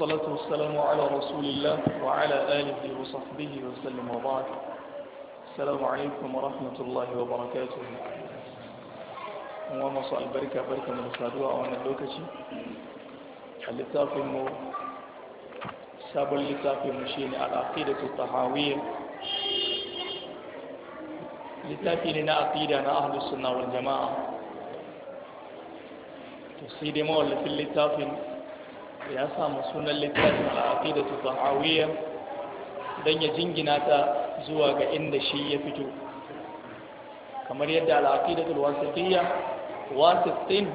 والصلاة والسلام على رسول الله وعلى آله وصحبه وسلم وبارك السلام عليكم ورحمة الله وبركاته وما صلى البركة بركة من الصدوة وأنا اللوكتي اللتافي المو ساب اللتافي المشين العقيدة الطحاوية littafi ne na aƙida na ahlus sunna wal jama'a to sai dai mawallafin ya samu sunan littafin al'aƙida ta tahawiyya don ya jingina ta zuwa ga inda shi ya fito kamar yadda al'aƙida ta wasifiyya wasifin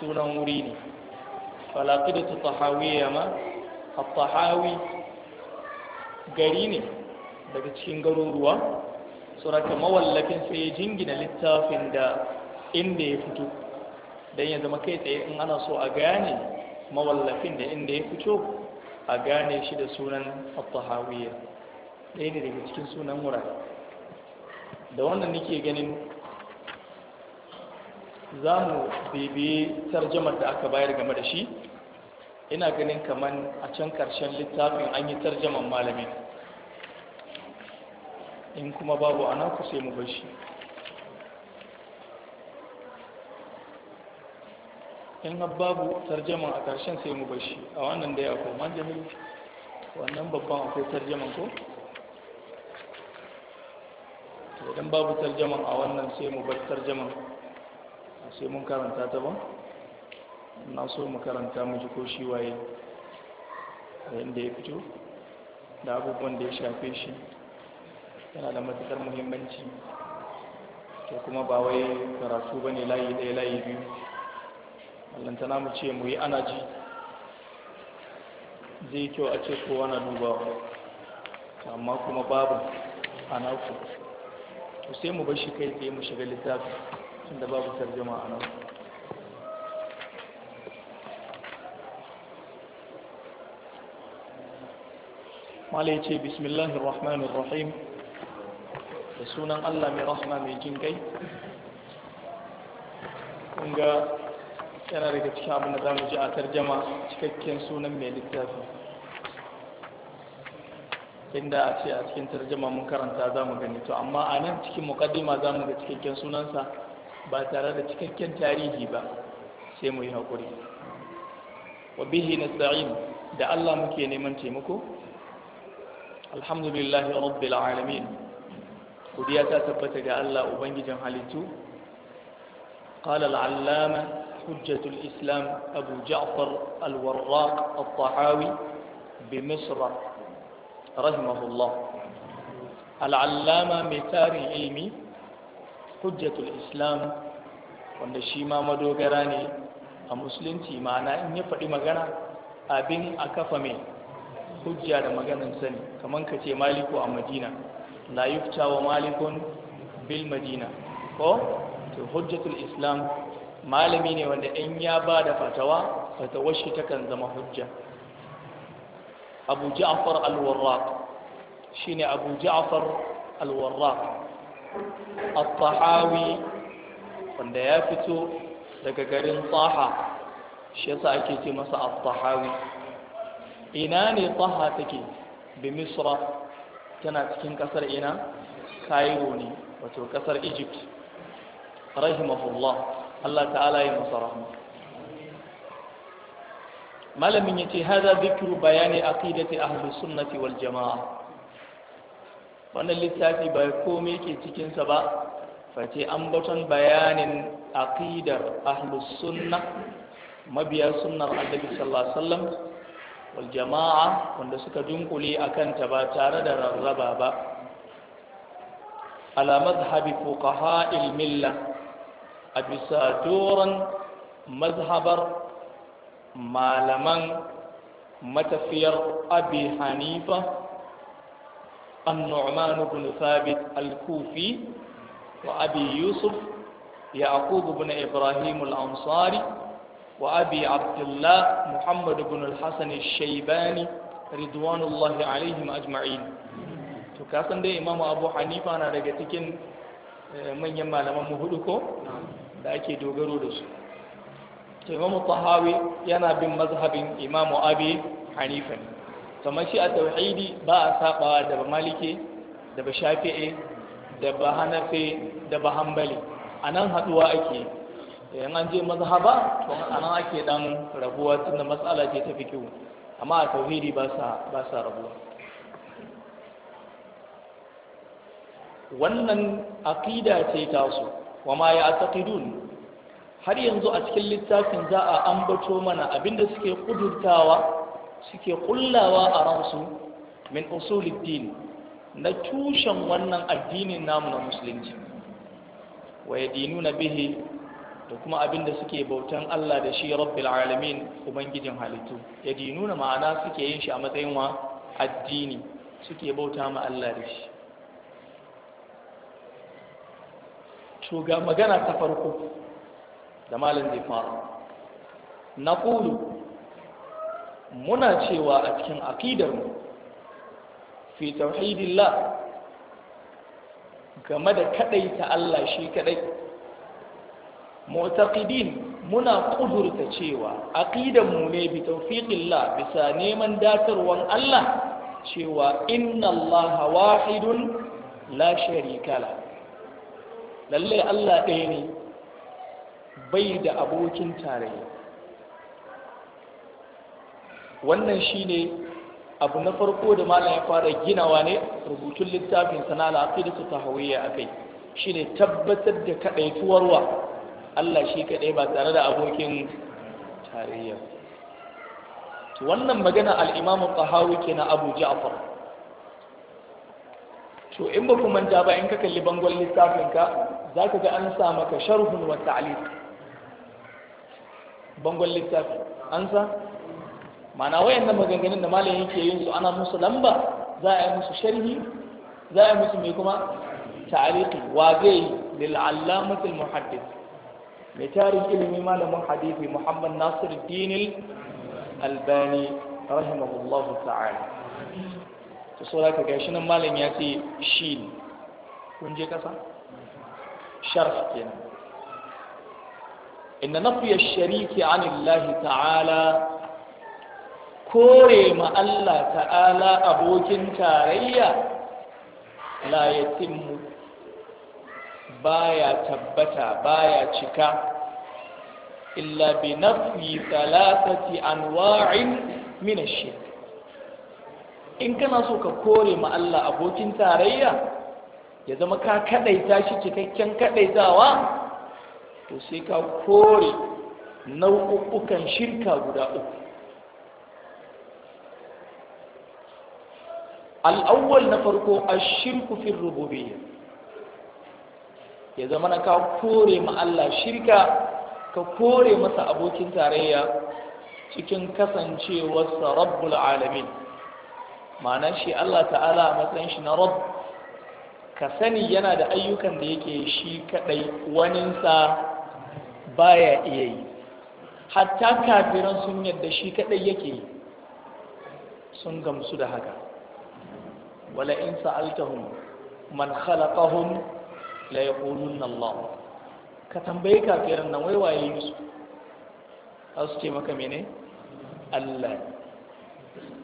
sunan wuri ne al'aƙida ta tahawiyya ma a gari ne daga cikin garuruwa tsoraka mawallafin sai ya jingina littafin da inda ya fito don ya zama kai tsaye in ana so a gane mawallafin da inda ya fito a gane shi da sunan al-tahawiyya ɗaya ne daga cikin sunan wurare da wannan nake ganin za mu bebe tarjamar da aka bayar game da shi ina ganin kamar a can ƙarshen littafin an yi tarjaman malamin in kuma babu ana ku sai mu bar shi in babu tarjaman a ƙarshen sai mu bashi a wannan da ya akwai manjami wannan babban akwai tarjaman ko idan babu tarjaman a wannan sai mu bar tarjaman sai mun karanta ta ba na so mu karanta mu ji ko shi waye da inda ya fito da abubuwan da ya shafe shi yana da matuƙar muhimmanci to kuma ba wai karatu ba ne layi ɗaya layi biyu allantana mu ce mu yi ana ji zai kyau a ce kowa na dubawa amma kuma babu ana ku to sai mu bar shi kai tsaye mu shiga littafi tunda babu tarjuma a nan ya ce bismillahir rahmanir rahim da sunan allah mai rahma mai jin kai kunga yana daga cikin abin da za mu ji a tarjama cikakken sunan mai littafi inda a ce a cikin tarjama mun karanta za mu gani to amma a nan cikin mukaddima za mu ga cikakken sunansa ba tare da cikakken tarihi ba sai mu yi haƙuri wa bihi nasta'in da Allah muke neman taimako alhamdulillahi rabbil alamin godiya ta tabbata ga Allah ubangijin halittu qala al حجة الإسلام أبو جعفر الوراق bimisra بمصر al الله mai متار علمي حجة islam wanda shi ma madogara ne a musulunci ma'ana in ya faɗi magana abin a kafa mai hujja da maganin sani kamar ka ce maliku a madina la wa malikun bil madina ko to hujjatul islam malami ne wanda in ya ba da fatawa fatawar shi takan zama hujja abu ja'far al-warraq ne abu ja'far al-warraq al-tahawi wanda ya fito daga garin taha shi yasa ake ce masa al-tahawi ina ne taha take bi misra tana cikin kasar ina cairo ne wato kasar egypt rahimahullah Allah ta'ala ya masa rahma malamin yace hada zikru bayani aqidati ahli sunnati wal jamaa wannan littafi bai komai ke cikin sa ba face ambaton bayanin aqidar ahli sunna mabiya sunnar annabi sallallahu alaihi wasallam wal jamaa wanda suka dunkule akan ta ba tare da rarraba ba ala madhhabi fuqaha'il millah a bisa doron mazhabar malaman matafiyar abi hanifa annu'man ibn thabit al-kufi wa abi yusuf yaqub ibn ibrahim al-ansari wa abi abdullah muhammad ibn al shaybani ridwanullahi alayhim ajma'in to kasan dai imam abu hanifa na daga cikin manyan malaman mu hudu ko da ake dogaro da su imamu tahawi yana bin mazhabin imamu abi hanifa kamar shi a tauhidi ba a sabawa da ba malike da ba shafi'e da ba Hanafi da ba hambali a nan haduwa ake yan an je mazhaba to a nan ake dan rabuwa tunda matsala ce ta fikihu amma a tauhidi ba sa rabuwa wannan aqida ce taso wa ma ya'taqidun har yanzu a cikin littafin za a ambato mana abinda suke kudurtawa suke kullawa a ransu min usuluddin na tushen wannan addinin namu na musulunci wa yadinuna bihi da kuma abinda suke bautan Allah da shi rabbil alamin ubangijin halittu na ma'ana suke yin shi a matsayin wa addini suke bauta ma Allah da shi to magana ta farko da malam zai fara na ƙulu muna cewa a cikin aƙidarmu fi tauhidillah game da kaɗai ta Allah shi kaɗai mu'taqidin muna ƙudurta cewa aqidanmu ne bi tawfiqillah bisa neman datarwan Allah cewa inna Allah wahidun la sharika lahu lallai Allah ɗaya ne bai da abokin tarayya wannan shine abu na farko da malam ya fara ginawa ne rubutun littafin a al'aqida ta kai. akai shine tabbatar da kadaituwar wa Allah shi kaɗai ba tare da abokin tarayya wannan magana al-Imam na kenan Abu Ja'far to in ba ku manta ba in ka kalli bangon littafin ka za ka ga an sa maka sharhun wa ta'liq bangon littafin an sa mana wayannan maganganun da malamin yake yin su ana musu lamba za a yi musu sharhi za a yi musu mai kuma ta'liqi wa zai lil allamatul muhaddis mai tarin ilimi malamin hadisi muhammad dinil albani rahimahullahu ta'ala to saura ka gashi nan malam ya ce ne. kun je kasa sharf kenan inna nafi shariki an Allah ta'ala kore ma Allah ta'ala abokin tarayya la yatimmu baya tabbata baya cika illa bi nafi thalathati anwa'in min ash-shirk in kana so ka kore ma Allah abokin tarayya ya zama ka kadaita shi cikakken kadaitawa to sai ka kore nau'ukan shirka guda uku al'awwal na farko a shirku fin rububiyya ya zama na ka kore ma Allah shirka ka kore masa abokin tarayya cikin kasancewarsa rabbul alamin ma'ana shi Allah ta'ala a matsayin shi na rabb ka sani yana da ayyukan da yake shi kadai waninsa baya iya yi hatta kafiran sun yadda shi kadai yake yi sun gamsu da haka wala in sa'altahum man khalaqahum la yaqulunna Allah ka tambaye kafiran nan waiwaye waye su ce maka mene Allah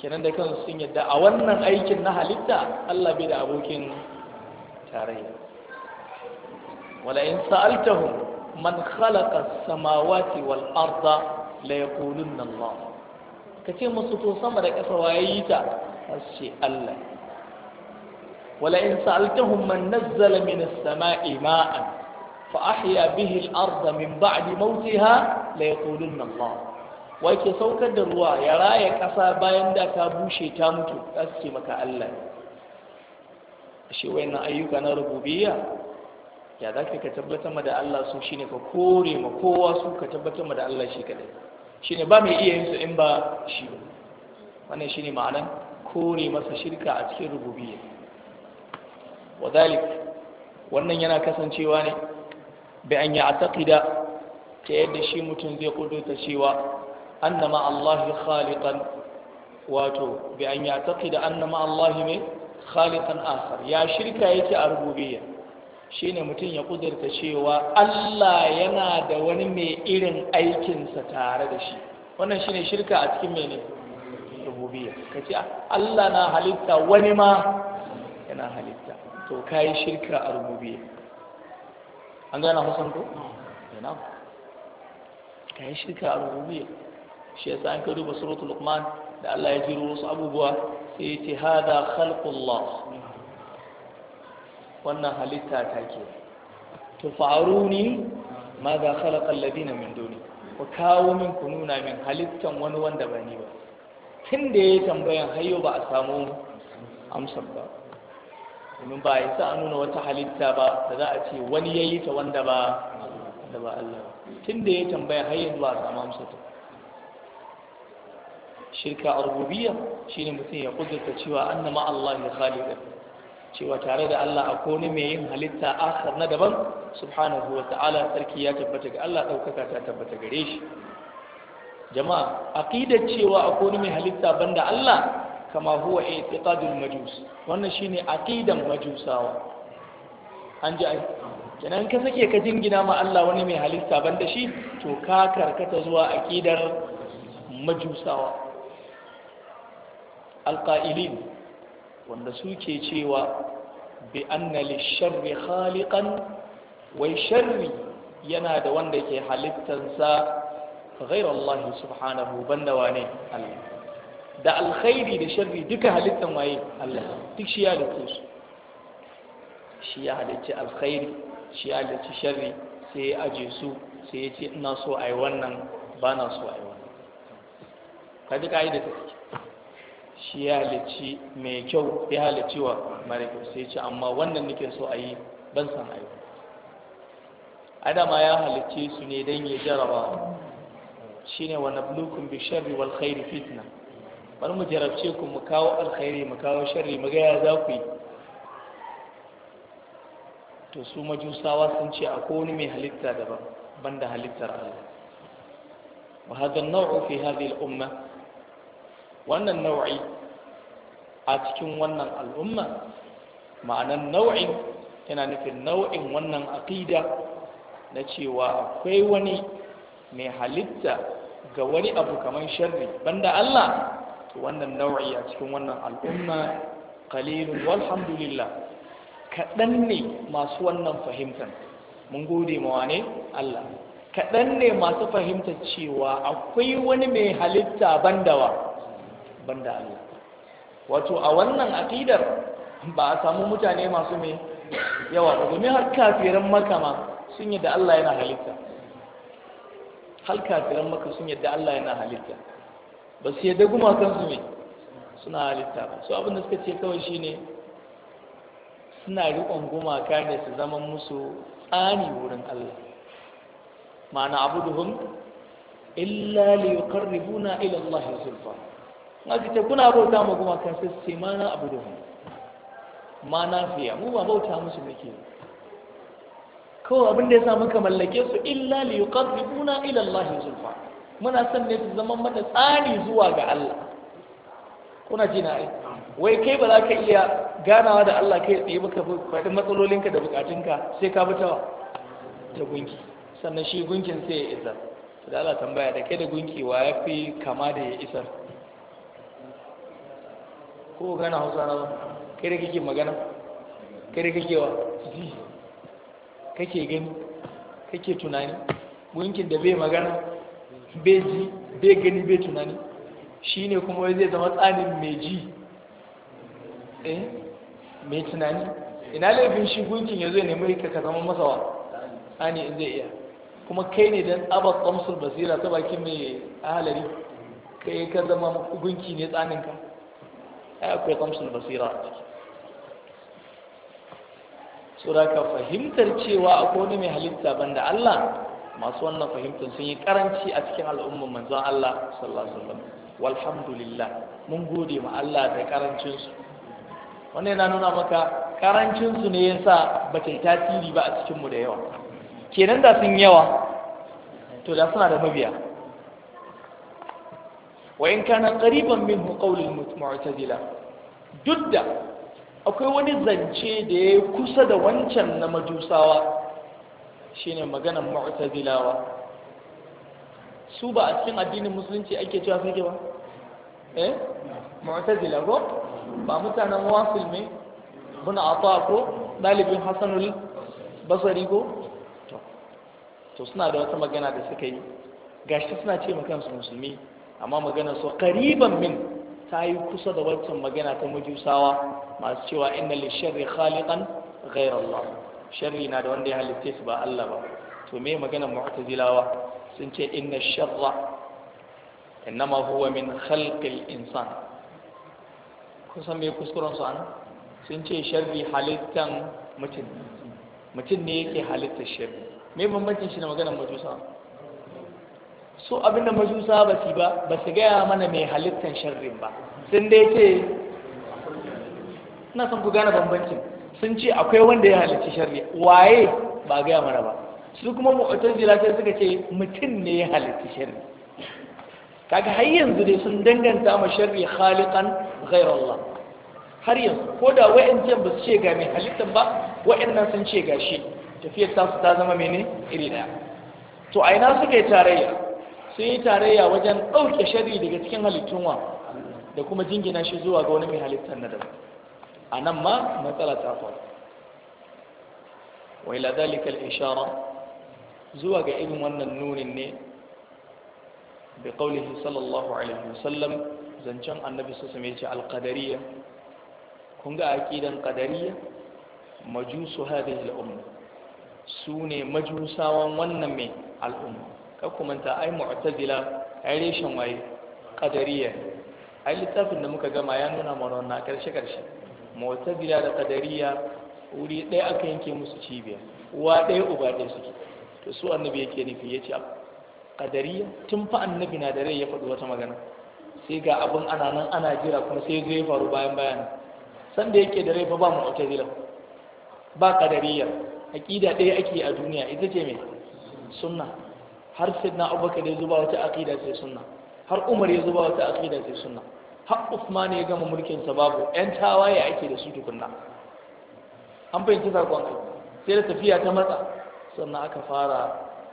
kenan da kansu sun yadda a wannan aikin na halitta Allah bai da abokin tarayya wala in sa'altahum man khalaqa as-samawati wal arda la yaqulunna Allah kace musu to sama da ƙasa waye yi ta sai Allah wala in sa'altahum man nazzala min as-sama'i ma'an fa ahya bihi al-arda min ba'di mawtiha la yaqulunna Allah wake saukar da ruwa ya raya ƙasa bayan da ta bushe ta mutu za su maka Allah ashe wayan ayyuka na rububiyya ya za ka tabbatar da Allah su shine ka kore ma kowa su ka tabbatar da Allah shi kadai shine ba mai iya yin su in ba shi ba wannan shine ma'anan kore masa shirka a cikin rububiyya wadalik wannan yana kasancewa ne bi an ya ta yadda shi mutum zai kudurta cewa anna ma Allah khaliqan wato bi an ya'taqida anna ma Allah ne khaliqan akhar ya shirka yake a rububiyya shine mutum ya kudurta cewa Allah yana da wani mai irin aikinsa tare da shi wannan shine shirka a cikin mene rububiyya kace Allah na halitta wani ma yana halitta to kai shirka a rububiyya an gana musan ko yana kai shirka a rububiyya shi yasa an ka duba suratul luqman da Allah ya jiro wasu abubuwa sai ya ce hada khalqullah wannan halitta ta ke tufaruni ma za khalaqa alladina min duni ku kawo min ku nuna min halittan wani wanda ba ni ba tun da ya tambayan hayo ba a samu amsar ba domin ba ya sa a nuna wata halitta ba da za a ce wani ya yi ta wanda ba da ba Allah tun da ya tambaya har yanzu ba a samu amsar ta shirka a rububiyya shine mutum ya kudurta cewa annama Allah ya khaliqu cewa tare da Allah a kone mai yin halitta akhar na daban subhanahu wa ta'ala sarki ya tabbata ga Allah daukaka ta tabbata gare shi jama'a aqidar cewa a kone mai halitta banda Allah kama huwa i'tiqadul majus wannan shine aqidan majusawa an ji kenan ka sake ka jingina ma Allah wani mai halitta ban da shi to ka karkata zuwa akidar majusawa alƙa'ilin wanda suke cewa bi annali sharri khaliqan wai sharri yana da wanda ke halittansa ghairu Allah subhanahu banda wane Allah da alkhairi da sharri duka halittan waye Allah duk shi ya halitta su shi ya halicci alkhairi shi ya halicci sharri sai ya aje su sai ya ce ina so a yi wannan ba na so a yi wannan ka ji da ta take shi ya halici mai kyau ya halici wa mara kyau sai ci amma wannan nake so a yi ban san a yi adama ya halice su ne don ya jarabawa shi ne wani blukun bi sharri wal khairi fitna bari mu jarabce ku mu kawo alkhairi mu kawo sharri mu gaya za ku yi to su majusawa sun ce akwai wani mai halitta daban banda halittar Allah wa hadha an-naw'u fi hadhihi al-umma wannan nau'i a cikin wannan al'umma ma'anan nau'in yana nufin nau'in wannan aqida na cewa akwai wani mai halitta ga wani abu kamar sharri banda Allah to wannan nau'i a cikin wannan al'umma qalilun walhamdulillah kaɗan ne masu wannan fahimtar mun gode mawa ne Allah kaɗan ne masu fahimtar cewa akwai wani mai halitta bandawa banda Allah wato a wannan aqidar ba a samu mutane masu mai yawa ba domin har kafiran maka ma sun yadda Allah yana halitta har kafiran maka sun yadda Allah yana halitta ba su yadda gumakan su ne suna halitta ba su da suka ce kawai shine suna riƙon gumaka ne su zama musu tsani wurin Allah ma'ana abuduhum illa li ila Allah zulfa na ce kuna bauta ma kuma kan sai ce ma na abu da mu ma na fiya mu ba bauta musu muke kawai abin da ya sa muka mallake su illa li yuqarribuna ila Allah zulfa muna son ne su zama mana tsari zuwa ga Allah kuna ji na ai wai kai ba za ka iya ganawa da Allah kai tsaye baka faɗi matsalolinka da bukatunka sai ka bi ta gunki sannan shi gunkin sai ya isar da Allah tambaya da kai da gunki wa ya fi kama da ya isar ko gana hausa na ba kai da kake magana kai da kake wa ji kake gani kake tunani gunkin da bai magana bai ji bai gani bai tunani shine kuma zai zama tsanin mai ji eh mai tunani ina laifin shi gunkin ya zo ya nemi ka zama masa wa ani in zai iya kuma kai ne dan abar kamsul basira ta bakin mai ahalari kai ka zama gunki ne tsaninka akwai kamsul basira a ka fahimtar cewa akwai wani mai halitta banda Allah masu wannan fahimtar sun yi karanci a cikin al'ummar manzon Allah sallallahu alaihi wasallam walhamdulillah mun gode ma Allah da karancin su wannan yana nuna maka karancin su ne sa ba ta tasiri ba a cikin mu da yawa kenan da sun yawa to da suna da mabiya wa in kana qariban minhu qawlul mu'tazila duk da akwai wani zance da ya kusa da wancan na majusawa shine maganar mu'tazilawa su ba a cikin addinin musulunci ake cewa ke ba eh mu'tazila ko ba mutanen wasil ne bin ata ko dalibin hasanul basari ko to suna da wata magana da suka yi gashi suna ce ma kansu musulmi amma magana su qariban min ta yi kusa da waccan magana ta majusawa masu cewa ina li sharri khaliqan ghayra Allah sharri na da wanda ya halitta su ba Allah ba to me magana mu'tazilawa sun ce inna sharra innama huwa min khalqil insan kusan me kuskuren su an sun ce sharri halittan mutum mutum ne yake halitta sharri me bambancin shi da maganar majusawa so abinda majusa ba su ba ba su gaya mana mai halittar sharrin ba sun dai ce na san ku gane bambancin sun ce akwai wanda ya halitta sharri waye ba gaya mana ba su kuma mu'tazila sai suka ce mutum ne ya halitta sharri kaga har yanzu dai sun danganta ma sharri khaliqan ghayrallah har yanzu ko da wa'ancan ba su ce ga mai halittar ba wa'annan sun ce ga shi tafiyar ta zama mene iri daya to a ina suka yi tarayya sun yi tarayya wajen ɗauke shari daga cikin halittun da kuma jingina shi zuwa ga wani mai halittar na daban a nan ma matsala ta faru Wai ila ishara zuwa ga irin wannan nunin ne bi qawlihi sallallahu alaihi wasallam zancen annabi su same ce al-qadariyya kun ga aqidan qadariyya majusu hadhihi al-umma sune majusawan wannan mai al'umma manta ai mu'tazila ai reshen waye Qadariya. ai littafin da muka gama ya nuna mana wannan karshe karshe mu'tazila da qadariya wuri ɗaya aka yanke musu cibiya uwa ɗaya uba ɗaya suke to su annabi yake nufi yace Qadariya? tun fa annabi na da rai ya faɗi wata magana sai ga abin ana nan ana jira kuma sai zai faru bayan bayan sanda yake da rai fa ba mu'tazila ba qadariya aqida ɗaya ake a duniya ita ce mai sunna har sidna abubakar ya zuba wata aqida sai sunna har umar ya zuba wata aqida sai sunna har usman ya gama mulkin sa babu yan tawaye ake da su tukunna an fahimci sakon sai da tafiya ta matsa sannan aka fara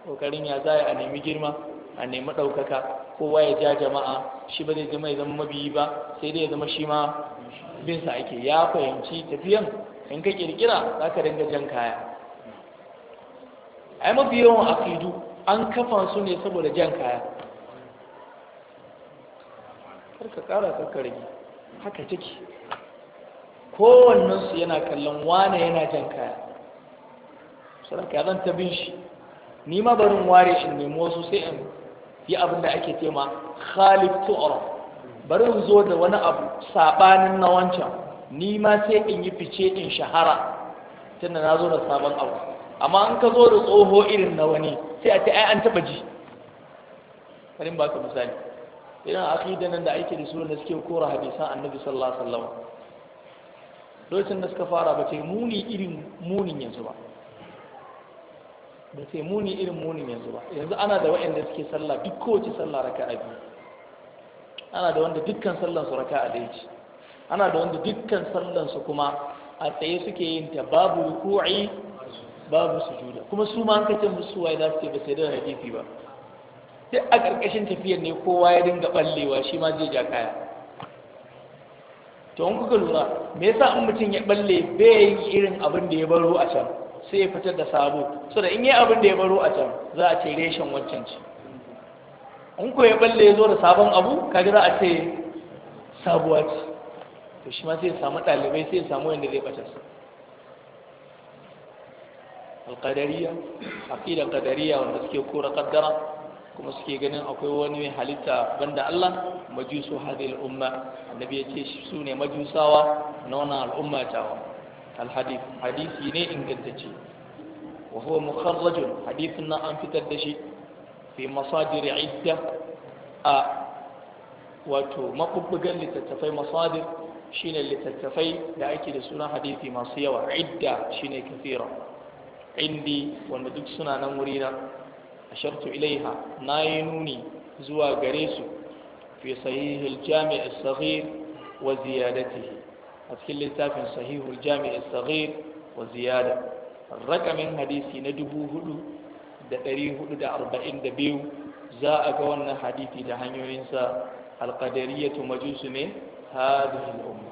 kokarin ya zai a nemi girma a nemi ɗaukaka kowa ya ja jama'a shi ba zai zama ya zama mabiyi ba sai dai ya zama shi ma bin sa ake ya fahimci tafiyan in ka kirkira za ka dinga jan kaya ai mafi yawan akidu an kafa su ne saboda jan kaya karka kara karka rage haka take kowannensu yana kallon wane yana jan kaya sarka zan ta bin shi ni ma barin ware in nemo su sai in yi abin da ake tema khalif tu'ara barin zo da wani abu sabanin na wancan ni ma sai in yi fice in shahara tunda na zo da sabon abu amma an ka zo da tsoho irin na wani sai a ce ai an taba ji karin ba ka misali irin aqida nan da ake da su da suke kora hadisan annabi sallallahu alaihi wasallam lokacin da suka fara ba sai muni irin munin yanzu ba ba sai muni irin munin yanzu ba yanzu ana da waɗanda suke sallah duk kowace sallah raka'a biyu ana da wanda dukkan sallan su raka'a ɗaya ce ana da wanda dukkan sallan su kuma a tsaye suke yin ta babu ruku'i babu sujuda kuma su ma kace musu wai za su ce ba sai da hadisi ba Sai a ƙarƙashin tafiyar ne kowa ya dinga ballewa shi ma zai ja kaya to an kuka lura me yasa in mutum ya balle bai yi irin abin da ya baro a can sai ya fitar da sabo so da in yi abin da ya baro a can za a ce reshen waccan ci in ko ya balle ya zo da sabon abu kaga za a ce sabuwa ce to shi ma sai ya samu ɗalibai sai ya samu yadda zai ɓata su alƙadariya aƙidar ƙadariya wanda suke kora ƙaddara kuma suke ganin akwai wani mai halitta banda Allah majusu hadhihi al-umma annabi ya ce su ne majusawa na wannan al'umma tawa al-hadith hadisi ne ingantacce wa huwa mukharrajun hadithin nan an fitar da shi fi masadir idda a wato makubbugan littattafai masadir shine littattafai da ake da suna hadisi masu yawa idda shine kafira indi wanda duk suna nan A shartu ilaiha na yi nuni zuwa gare su fi sahihul jami' as wa ziyadatihi a cikin littafin sahihul jami' as-saghir wa ziyada rakamin hadisi na dubu hudu da hudu da arba'in da biyu za a ga wannan hadisi da hanyoyinsa alƙadariyatu majusu ne hadihul umma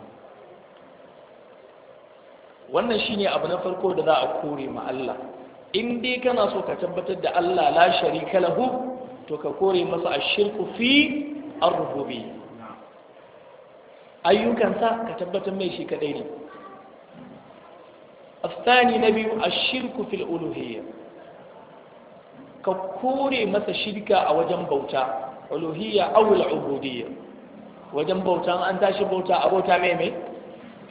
wannan shine abu na farko da za a kore ma Allah in dai kana so ka tabbatar da Allah la sharika lahu to ka kore masa ashirku fi ar-rububi ayyukansa ka tabbatar mai shi kadai ne shirka a wajen bauta الألوهية كوري مثل شركة Wajen جنبوتا an tashi bauta وجنبوتا أنت mai أبوتا ميمي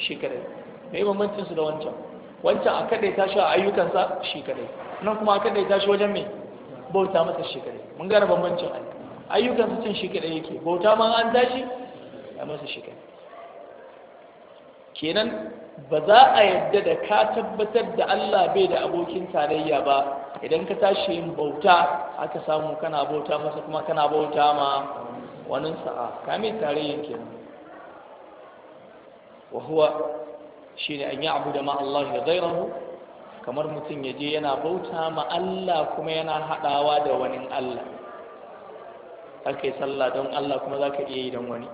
شكرا me bambancin su da wancan wancan a kadai ta shi a ayyukansa shi kadai nan kuma a kadai ta shi wajen me bauta masa shi kadai mun gara bambancin a ayyukansa cin shi kadai yake bauta ma an tashi a masa shi kadai kenan ba za a yadda da ka tabbatar da Allah bai da abokin tarayya ba idan ka tashi yin bauta aka samu kana bauta masa kuma kana bauta ma wani sa'a kamin tarayyan kenan wa huwa ne an yi abu da ma Allah ya gairahu kamar mutum ya je yana bauta ma Allah kuma yana haɗawa da wani Allah za ka yi sallah don Allah kuma za ka iya yi don wani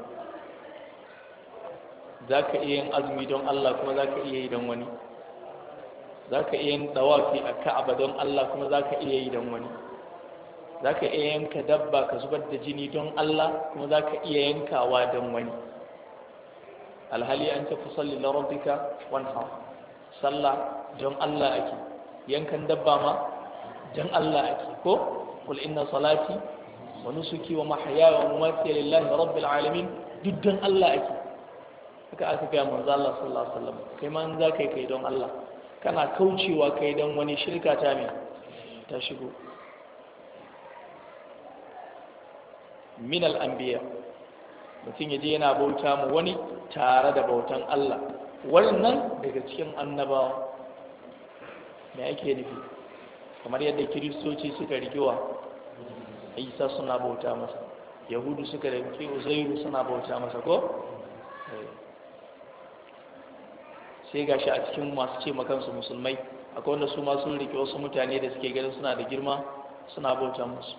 za ka iya yin azumi don Allah kuma za ka iya yi don wani za ka iya yin tsawafi a ka'aba don Allah kuma za ka iya yi don wani za ka iya yanka dabba ka zubar da jini don Allah kuma za ka iya yankawa don wani alhali an ce fusalli na rabbika wanhar sallah don Allah ake yankan dabba ma don Allah ake ko kul inna salati wa nusuki wa mahyaya wa mamati lillahi rabbil alamin duk don Allah ake haka aka ga manzo Allah sallallahu alaihi wasallam kai ma za kai kai don Allah kana kaucewa kai don wani shirka ta me ta shigo min al-anbiya' mutum ya je yana bauta mu wani tare da bautan Allah wannan daga cikin annabawa me ake nufi kamar yadda kiristoci suka rikiwa isa suna bauta masa yahudu suka rike uzairu suna bauta masa ko eh. sai gashi a cikin masu ce makansu musulmai akwai wanda su ma sun rike wasu mutane da suke ganin suna da girma suna bauta musu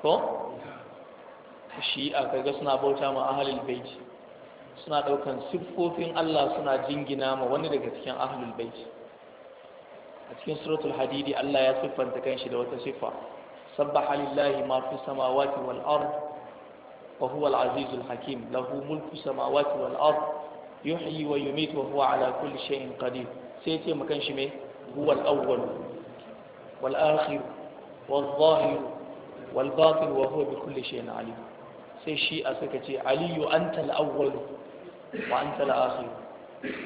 ko shi'a kaga suna bauta ma ahlul bait suna daukan siffofin Allah suna jingina ma wani daga cikin ahlul bait a cikin suratul hadidi Allah ya siffanta kanshi da wata siffa sabbaha lillahi ma fi samawati wal ard wa huwa al azizul hakim lahu mulku samawati wal ard yuhyi wa yumiitu wa huwa ala kulli shay'in qadir sai ce mu kanshi me huwa al awwal wal akhir wal zahir wal batin wa huwa bi kulli shay'in alim sai shi a suka ce aliyu an tal'awwal wa an tal'akhir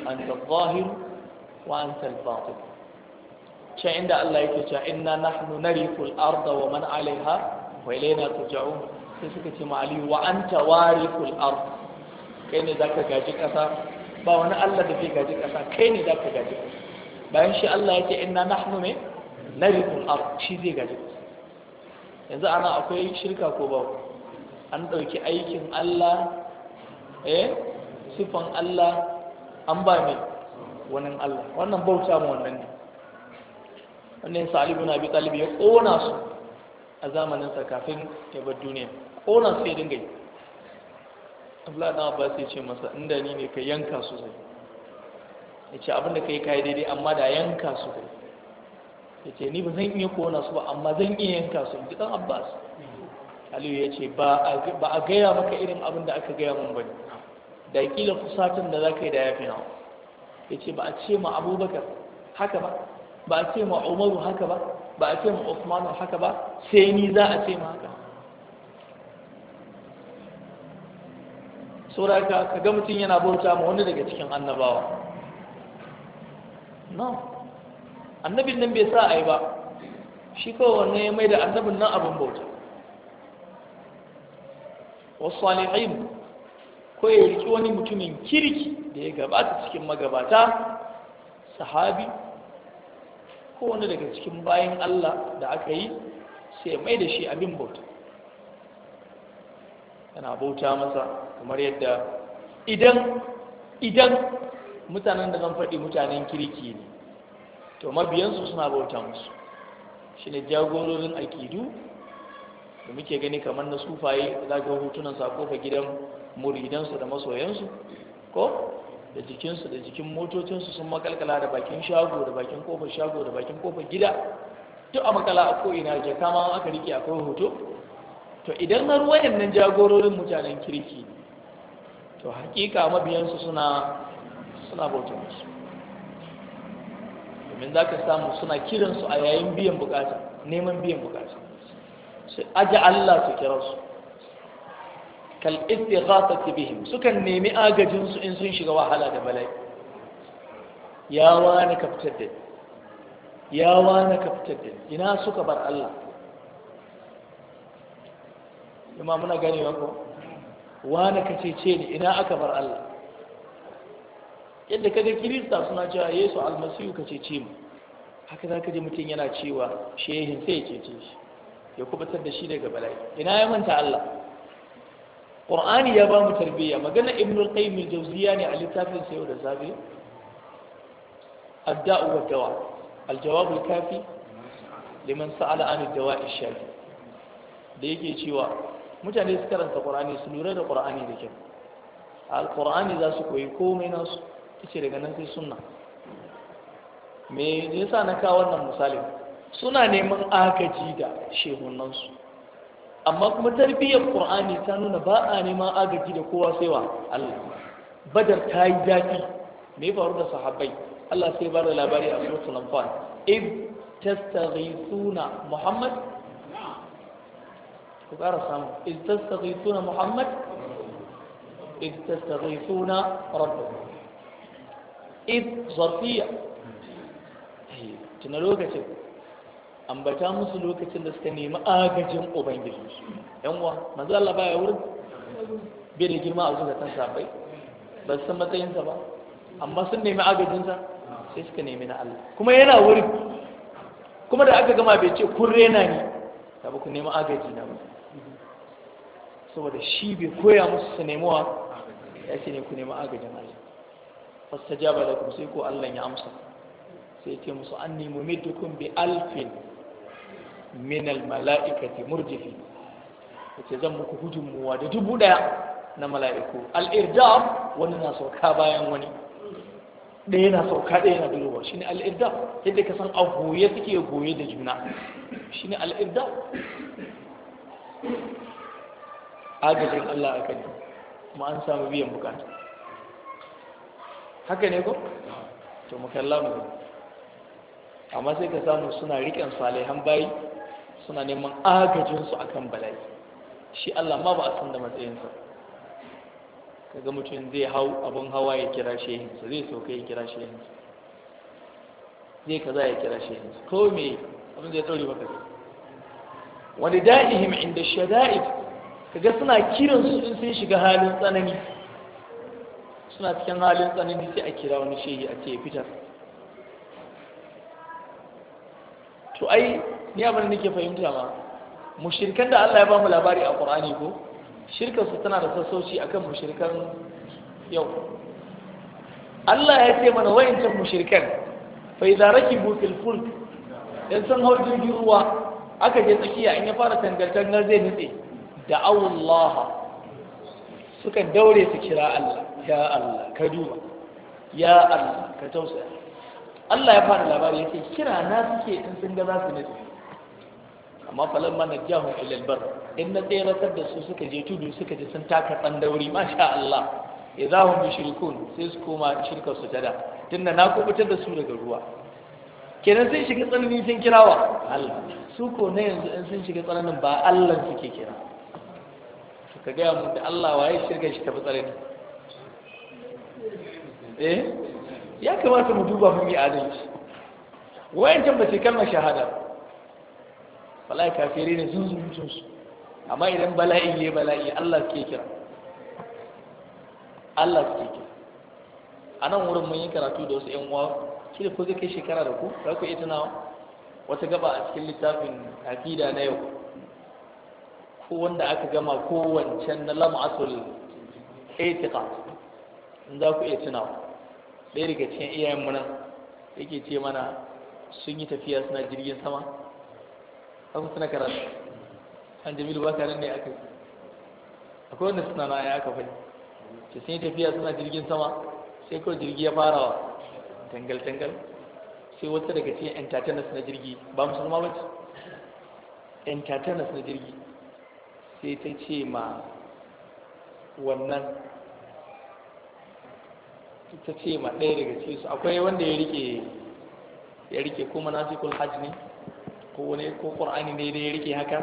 an tal'ahir wa an tal'batin ce inda Allah yake ce inna nahnu narikul arda wa man alaiha wa ilaina turja'un sai suka ce ma aliyu wa anta warikul ard kai ne zaka gaji kasa ba wani Allah da zai gaji kasa kai ne zaka gaji kasa bayan shi Allah yake inna nahnu ne narikul ard shi zai gaji kasa yanzu ana akwai shirka ko babu an ɗauki aikin Allah eh sifan Allah an ba mai wani Allah wannan bauta ma wannan ne wannan yasa na ibn Abi Talib ya ƙona su a zamanin sa kafin ya bar duniya Ƙona su ya dinga yi Abdullah ibn Abbas ya ce masa inda ni ne ka yanka su zai ya ce abinda kai kai daidai amma da yanka su zai ya ce ni ba zan iya ƙona su ba amma zan iya yanka su in ji dan Abbas aliyu ya ce ba a gaya maka irin abin da aka gaya mun bane da kila kusatin da za ka yi da ya fi nawa ya ce ba a ce ma abubakar haka ba ba a ce ma umaru haka ba ba a ce ma usmanu haka ba sai ni za a ce ma haka sauraka ka ga mutum yana bauta ma wani daga cikin annabawa no annabin nan bai sa a yi ba shi kawai wanne ya mai da annabin nan abin bauta wasalihin ko ya riki wani mutumin kirki da ya gabata cikin magabata sahabi ko wani daga cikin bayan Allah da aka yi sai mai da shi abin bauta yana bauta masa kamar yadda idan idan mutanen da zan faɗi mutanen kirki ne to mabiyansu suna bauta musu shi ne jagororin akidu da muke gani kamar na sufaye za ga hotunan sako fa gidan muridansu da masoyansu ko da jikinsu da jikin motocinsu sun makalkala da bakin shago da bakin kofar shago da bakin kofar gida duk a makala a ko'ina da kama aka rike akwai hoto to idan har wayannan jagororin mutanen kirki to hakika mabiyansu suna suna bautar musu domin za ka samu suna kiransu a yayin biyan bukata neman biyan bukata su aji Allah su kira su kal istighatha bihim kan nemi agajin su in sun shiga wahala da bala'i ya wani ka fitar da ya wani ka fitar da ina suka bar Allah kuma muna wa ko wani ka ce ce ni ina aka bar Allah yadda kaga kirista suna cewa Yesu almasihu ka ce ce mu haka zaka ji mutum yana cewa shehin sai ya ce ce shi ya kubatar da shi daga bala'i ina ya manta Allah Qur'ani ya ba mu tarbiyya magana Ibn al-Qayyim al-Jawziyya ne a littafin sa yau da safe Ad-da'u wa dawa al-jawab al-kafi liman sa'ala an ad-dawa' ash-shafi da yake cewa mutane su karanta Qur'ani su lura da Qur'ani da kyau al-Qur'ani za su koyi komai nasu kace daga nan sai sunna me yasa na kawo wannan misalin suna neman agaji da shehunansu amma kuma tarbiyyar ƙur'ani ta nuna ba a neman agaji da kowa sai wa Allah badar ta yi daɗi me faru da sahabbai Allah sai ba da labari a suratul anfal id tastaghithuna muhammad ku ƙara samu id tastaghithuna muhammad id tastaghithuna rabbakum id zarfiya tuna lokacin ambata musu lokacin da suka nemi agajin ubangiji yan uwa manzo Allah baya wurin bai da girma a zukatan sabai ba su san matsayinsa ba amma sun nemi agajinsa sai suka nemi na Allah kuma yana wurin kuma da aka gama bai ce kun rena ni ta ku nemi agaji na ba saboda shi bai koya musu su nemi wa? ya ce ne ku nemi agajin Allah da kuma sai ko Allah ya amsa sai ya ce musu mai dukun bi alfin min almala'ikati murjifi Wace zan muku gudunmuwa da dubu daya na mala'iku al wani na sauka bayan wani ɗaya na sauka ɗaya na durowa shi ne irdab yadda ka san a goye suke goye da juna shi ne irdab agajin Allah a kan kuma an samu biyan bukata haka ne ko to mu kalla mu amma sai ka samu suna riƙen salihan bayi suna neman agajinsu akan bala'i shi Allah ma ba a san da matsayinsa kaga mutum zai hau abin hawa ya kira shehinsa zai sauka ya kira shehinsa zai kaza ya kira shehinsa ko me abin zai tsori maka zai wani da'ihim inda ka kaga suna kiran su in sun shiga halin tsanani suna cikin halin tsanani sai a kira wani shehi a ce fitar to ai ni abin da nake fahimta ba. mushrikan da Allah ya ba labari a Qur'ani ko shirkar su tana da sassauci akan mushrikan yau Allah ya ce mana wayancan mushrikan fa idza rakibu fil fulk dan san hau jirgin ruwa aka je tsakiya in ya fara tangal na zai nutse da Allah sukan daure su kira Allah ya Allah ka duba ya Allah ka tausaya Allah ya fara labari yake kira na suke in sun ga za su nufi amma falon ma na jahun ilalbar in na tseratar da su suka je tudu suka ji sun taka tsandauri masha Allah ya za hun bi shirkun sai su koma shirka su tada tunda na kubutar da su daga ruwa kenan sun shiga tsanani sun kirawa Allah su ko na yanzu in sun shiga tsananin ba Allah suke kira ka gaya mu da Allah waye shirka shi tafi tsanani eh ya kamata mu duba mu yi adalci wayan ce kalmar shahada wallahi kafiri ne sun mutum su amma idan bala'i ne bala'i Allah ke kira Allah ke kira a nan wurin mun yi karatu da wasu 'yan uwa shi da ko zai kai shekara da ku za ku iya tuna wata gaba a cikin littafin akida na yau ko wanda aka gama ko wancan na lam'atul etiqa in za ku iya tuna ɗaya daga cikin iyayen mu nan yake ce mana sun yi tafiya suna jirgin sama abu suna karatu an jamilu ba nan ne aka yi akwai wanda suna na ya kafai. fai sun yi tafiya suna jirgin sama sai kawai jirgi ya fara wa tangal-tangal sai wata daga cikin 'yan entertainers na jirgi ba suna ba ce entertainers na jirgi sai ta ce ma wannan ta ce ma ɗaya daga cikin su akwai wanda ya rike ya rike kuma nasikul hajji ne ko wani ko qur'ani ne da ya rike haka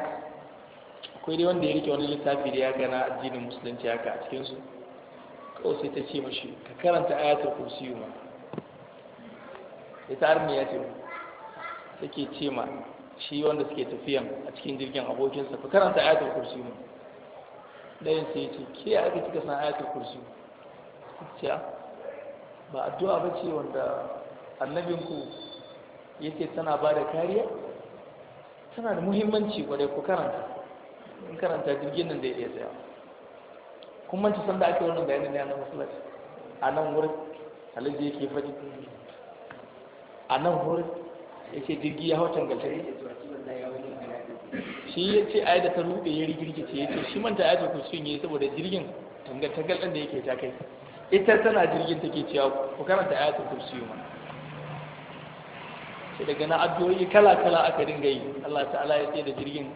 akwai dai wanda ya rike wani littafi da ya gana addinin musulunci haka a cikin su kawai sai ta ce mashi ka karanta ayatul kursi ma ita ya ce take ce ma shi wanda suke tafiyan a cikin jirgin abokinsa ka karanta ayatul kursi ma ɗayan sai ce ke aka kika san ayatul kursi ce ah, ba addu'a ba ce wanda annabinku ya ce tana ba da kariya tana da muhimmanci wadai ku karanta in karanta jirgin nan da ya tsaya kun manci san da ake wannan bayanin ne a nan masallaci a nan wuri halittu yake faɗi a nan wurin yake jirgi ya hau tangaltari shi ya ce a da ta rufe ya rigirgice ya ce shi manta ku kursi yi saboda jirgin tangal tangal ɗin da yake ta kai ita tana jirgin take cewa ku karanta ayatul kursi ma sai daga na addu'o'i kala-kala aka dinga yi Allah ta'ala ya tsaye da jirgin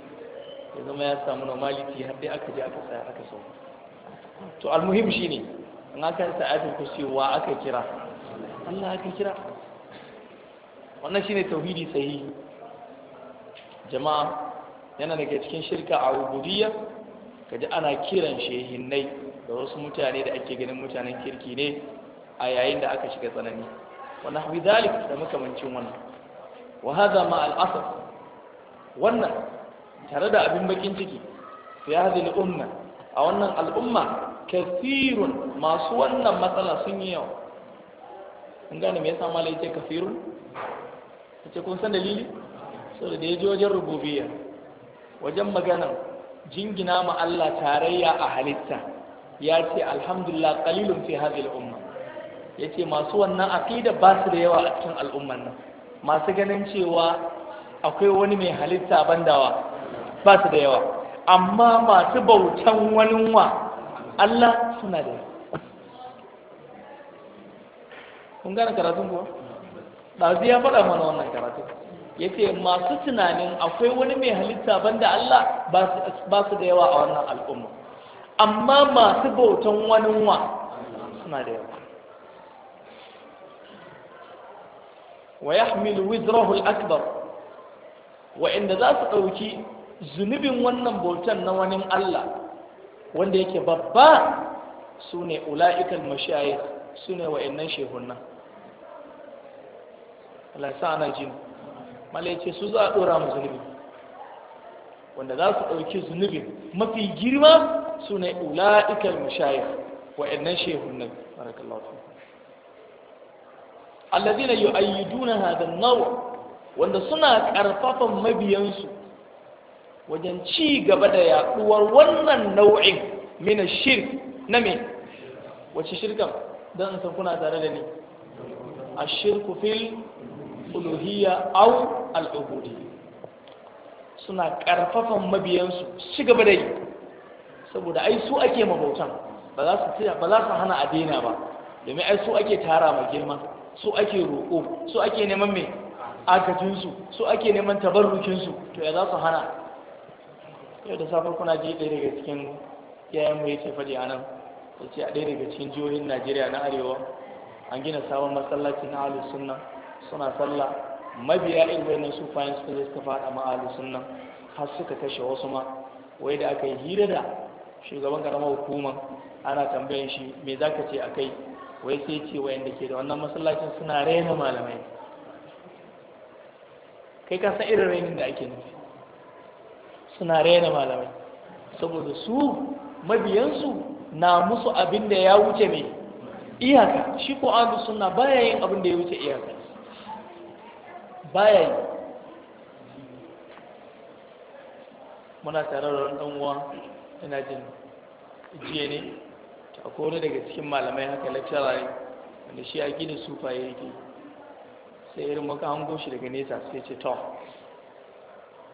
ya zama ya samu normality har dai aka je aka tsaya aka sau to almuhim shine an aka sa ayatul kursi wa aka kira Allah aka kira wannan shine tauhidi sahi jama'a yana daga cikin shirka a rubudiyya kaji ana kiran shehinnai da wasu mutane da ake ganin mutanen kirki ne a yayin da aka shiga tsanani wannan hafi zalik da makamancin wannan wa hadha ma al wannan tare da abin bakin ciki fi hadhihi al-umma a wannan al'umma kathirun masu wannan matsala sun yi yawa an gane me yasa malai ce kafirun ce kun san dalili saboda da ya wajen rububiyya wajen maganan jingina ma Allah tarayya a halitta ya ce alhamdulillah qalilun fi hadhihi al-umma yace masu wannan aqida ba su da yawa a cikin al'umman nan masu ganin cewa akwai wani mai halitta bandawa ba su da yawa amma masu bautan wani wa Allah suna da yawa kun gane karatun kuwa ɗazu ya faɗa mana wannan karatun ya ce masu tunanin akwai wani mai halitta banda Allah ba su da yawa a wannan al'umma amma masu bautan wani wa suna da yawa wa yahmilu wizrahu al-akbar wa'inda za su ɗauki zunubin wannan bautan na wani Allah wanda yake babba su ne ula'ikal mashayikh su ne wa'innan shehunan Allah sa ana jin malaice su za a ɗora mu zunubi wanda za su ɗauki zunubin mafi girma su ne ula'ikal mashayikh wa'innan shehunan barakallahu alladhina yu'ayyiduna hadha an-nawr wanda suna karfafan mabiyansu wajen ci gaba da yaduwar wannan nau'in min shirk na me wace shirkan dan san kuna tare da ni ash-shirku fil uluhiyya aw al-ubudiyya suna karfafan mabiyansu ci gaba da yi saboda ai su ake mabautan ba za su hana a daina ba domin ai su ake tara ma girma su ake roƙo su ake neman mai agajinsu su ake neman tabarrukinsu to ya za su hana yau da safar kuna je ɗaya daga cikin yayan mai ce faɗi a nan da ce a ɗaya daga cikin jihohin najeriya na arewa an gina sabon masallaci na ahlus sunna suna sallah mabiya ilmai na fayin suka zai suka faɗa ma sunna har suka kashe wasu ma wai da aka yi hira da shugaban karamar hukuma ana tambayan shi me za ka ce a kai wai sai ce yadda ke da wannan masallacin suna raina malamai kai ka san irin rainin da ake nufi suna raina malamai saboda su mabiyansu na musu abin da ya wuce mai iyaka shi ko an sunna baya yin abin da ya wuce iyaka baya yi muna tare da ɗan uwa ina jin jiya ne akwai wani daga cikin malamai haka lecturer ne wanda shi a gini ya yake sai irin maka hango shi daga nesa sai ce to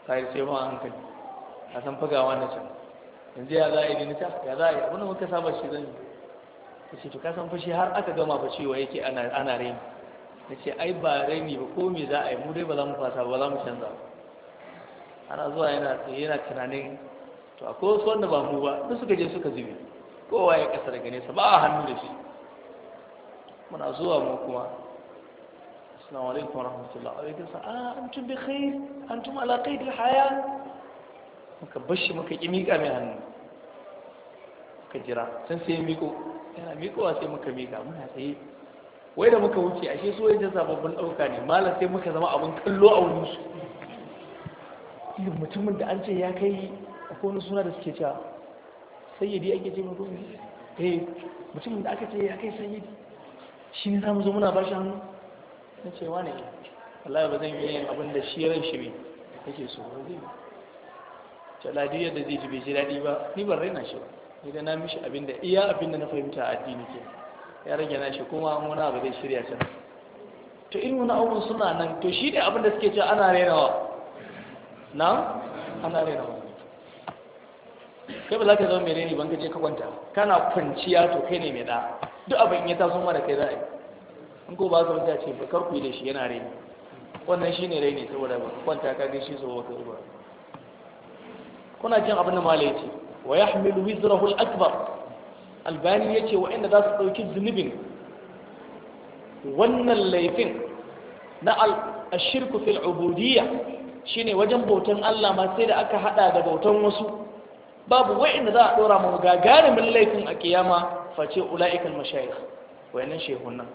yi sai ba hankali a san faga na can yanzu ya za a yi dinita ya za a yi abinda muka saba shi zan yi ta ce to ka san fashi har aka gama fa cewa yake ana raini na ce ai ba raini ba ko me za a yi mu dai ba za mu fasa ba za mu canza ana zuwa yana tsaye yana tunanin to akwai wasu wanda ba mu ba duk suka je suka zube kowa ya kasa daga nesa ba a hannu da shi muna zuwa mu kuma assalamu alaikum warahmatullahi alaikum sa a ah, tun bi khair an ala qaid al haya muka bashi muka ki mika mai hannu muka jira san sai miko yana mikowa sai muka mika muna tsaye wai da muka wuce ashe so yadda sababbin ɗauka ne malam sai muka zama abin kallo a wurin su mutumin da an ce ya kai akwai wani suna da suke cewa sayyidi ake ce mutum eh mutum da aka ce ya kai sayyidi shi ne zamu zo muna ba shi hannu na ce wane wallahi ba zan yi yin abin da shi ran shi ne yake so ba zai ce ladi yadda zai ji bai ji daɗi ba ni ban raina shi ba ni da na mishi abin da iya abin da na fahimta a addini ke ya rage na shi kuma wani ba zai shirya can. to in wani abun suna nan to shi ne abin da suke cewa ana rainawa na ana rainawa kai ba za ka zama mai reni ban ka je ka kwanta kana kwanciya to kai ne mai da duk abin ya taso mara kai ra'ayi in ko ba za wata ce ba karku da shi yana raini. wannan shi ne raini saboda ba kwanta ka ga shi saboda ka ba kuna jin abin da malai ce wa yahmilu wizrahu al-akbar albani wa inda za su ɗauki zunubin wannan laifin na al-shirku fil ubudiyya shine wajen bautan Allah ma sai da aka hada da bautan wasu babu wa'inda za a dora mu gagarumin laifin a kiyama face ula'ikal mashayikh wayannan shehunan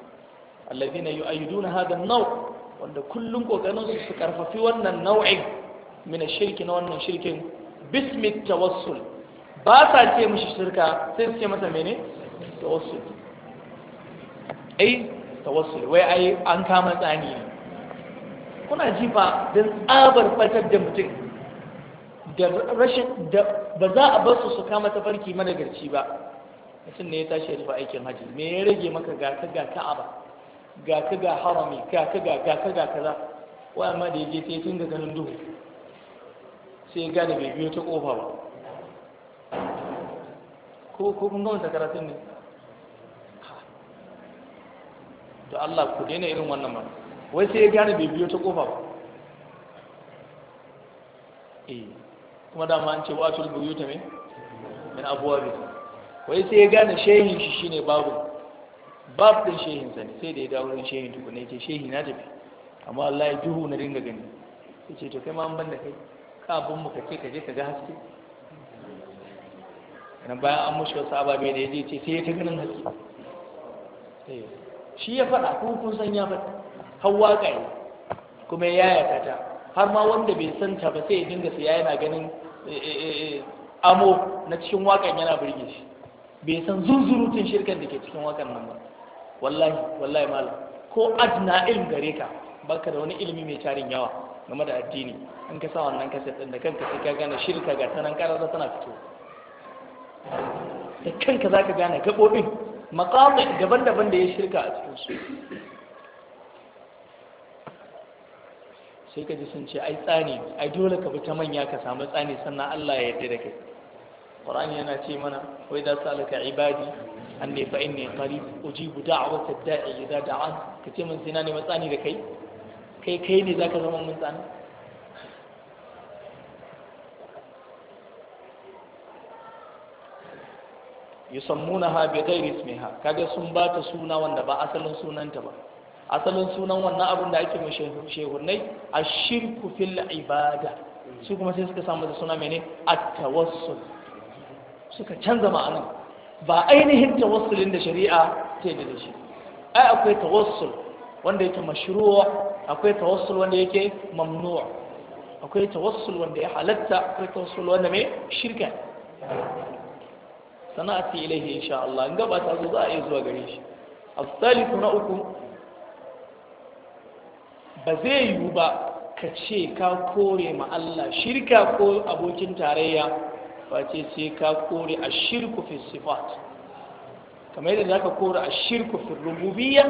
alladhina yu'ayyiduna hadha an-naw wanda kullun kokarin su su karfafi wannan nau'in min ash-shirki na wannan shirkin bismi tawassul ba sa ce mishi shirka sai su ce masa mene tawassul ai tawassul wai ai an kama tsani ne kuna jifa don tsabar fatar da mutum da rashin da ba za a bar su su kama tafarki garci ba mutum ne ya tashi ya tafi aikin hajji me ya rage maka ga ka ga ka'aba ga ka ga harami ga ka ga ga ka ga kaza wa amma da yaje sai tun ga ganin duhu sai ya gane bai biyo ta kofa ba ko ko kun ga wannan karatun ne to Allah ku daina irin wannan ma wai sai ya gane bai biyo ta kofa ba eh kuma dama an ce wa atul buyuta me min abwabi wai sai ya gane shehin shi shine babu Babu din shehin sai sai da ya dawo wurin shehin tukuna yace shehi na tafi amma Allah ya duhu na dinga gani yace to kai ma an banda kai ka abun mu kace kaje kaga haske na bayan an mushi wasu ababe da ya je ce sai ya ta ganin haske eh, shi ya faɗa ko kun san ya faɗa hawa waƙa kuma ya yayata ta har ma wanda bai san ta ba sai ya dinga ya yana ganin Eh, eh, eh, amo na cikin wakan yana birge shi bai san zunzurutun shirkan da ke cikin wakan nan ba wallahi wallahi malam ko adna ilm gare ka baka da wani ilimi mai tarin yawa game da addini in ka sa wannan kaset din da kanka sai ka gane shirka ga sanan karara tana fito da kanka zaka gane gabobin maqami daban-daban da ya shirka a cikin su sai ka ji sun ce ai tsani ai dole ka bi ta manya ka samu tsani sannan Allah ya yarda da kai Qur'ani yana ce mana wai da salaka ibadi anni fa inni qarib ujibu da'wata da'i idza da'an ka ce mun sina ne matsani da kai kai kai ne zaka zama mun tsani yusammunaha bi ghairi ismiha kaga sun bata suna wanda ba asalin sunanta ba asalin sunan wannan abin da ake mai shehunai a shirku fil ibada su kuma sai suka samu da suna ne a tawassul suka canza ma'anan ba ainihin tawassulin da shari'a ta yi da shi ai akwai tawassul wanda yake mashruwa akwai tawassul wanda yake mamnuwa. akwai tawassul wanda ya halatta akwai tawassul wanda mai shirka sana'ati ilaihi insha Allah in gaba ta zo za a yi zuwa gare shi الثالث na uku ba zai yiwu ba ka ce ka kore ma Allah shirka ko abokin tarayya ce sai ka kore a shirku fi sifat kamar yadda ka kore a shirku fi rububiyya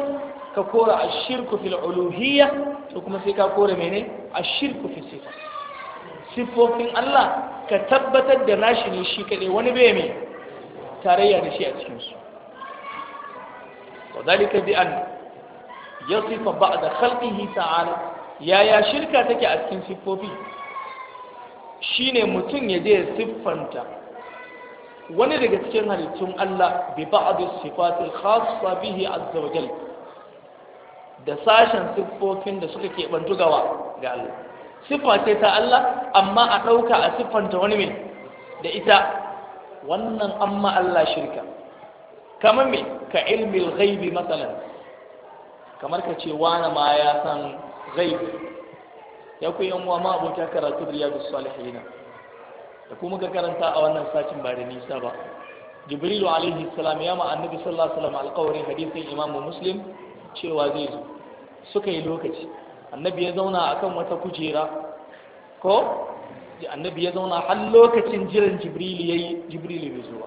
ka kore a shirku fi uluhiyya to kuma sai ka kore ne a shirku fi sifat sifofin Allah ka tabbatar da nashi ne shi kaɗai wani bai mai tarayya da shi a cikinsu wadalika bi an ya sifa ba da khalqihi ta'ala yaya shirka take a cikin siffofi shine mutum ya je siffanta wani daga cikin halittun Allah bi ba'd sifatil khassa bihi azza wa jalla da sashen siffofin da suka ke bantu gawa ga Allah siffa ce ta Allah amma a ɗauka a siffanta wani mai da ita wannan amma Allah shirka kamar mai ka ilmil ghaibi matsalan kamar ka ce wani ma ya san zai ya ku yin ma abota karatu da riyadu salihin da kuma ka karanta a wannan satin ba da nisa ba jibrilu alaihi salam ya ma annabi sallallahu alaihi wasallam alƙawarin hadisin imamu muslim cewa zai zo suka yi lokaci annabi ya zauna akan wata kujera ko annabi ya zauna har lokacin jiran jibrilu yayi jibrilu bai zo ba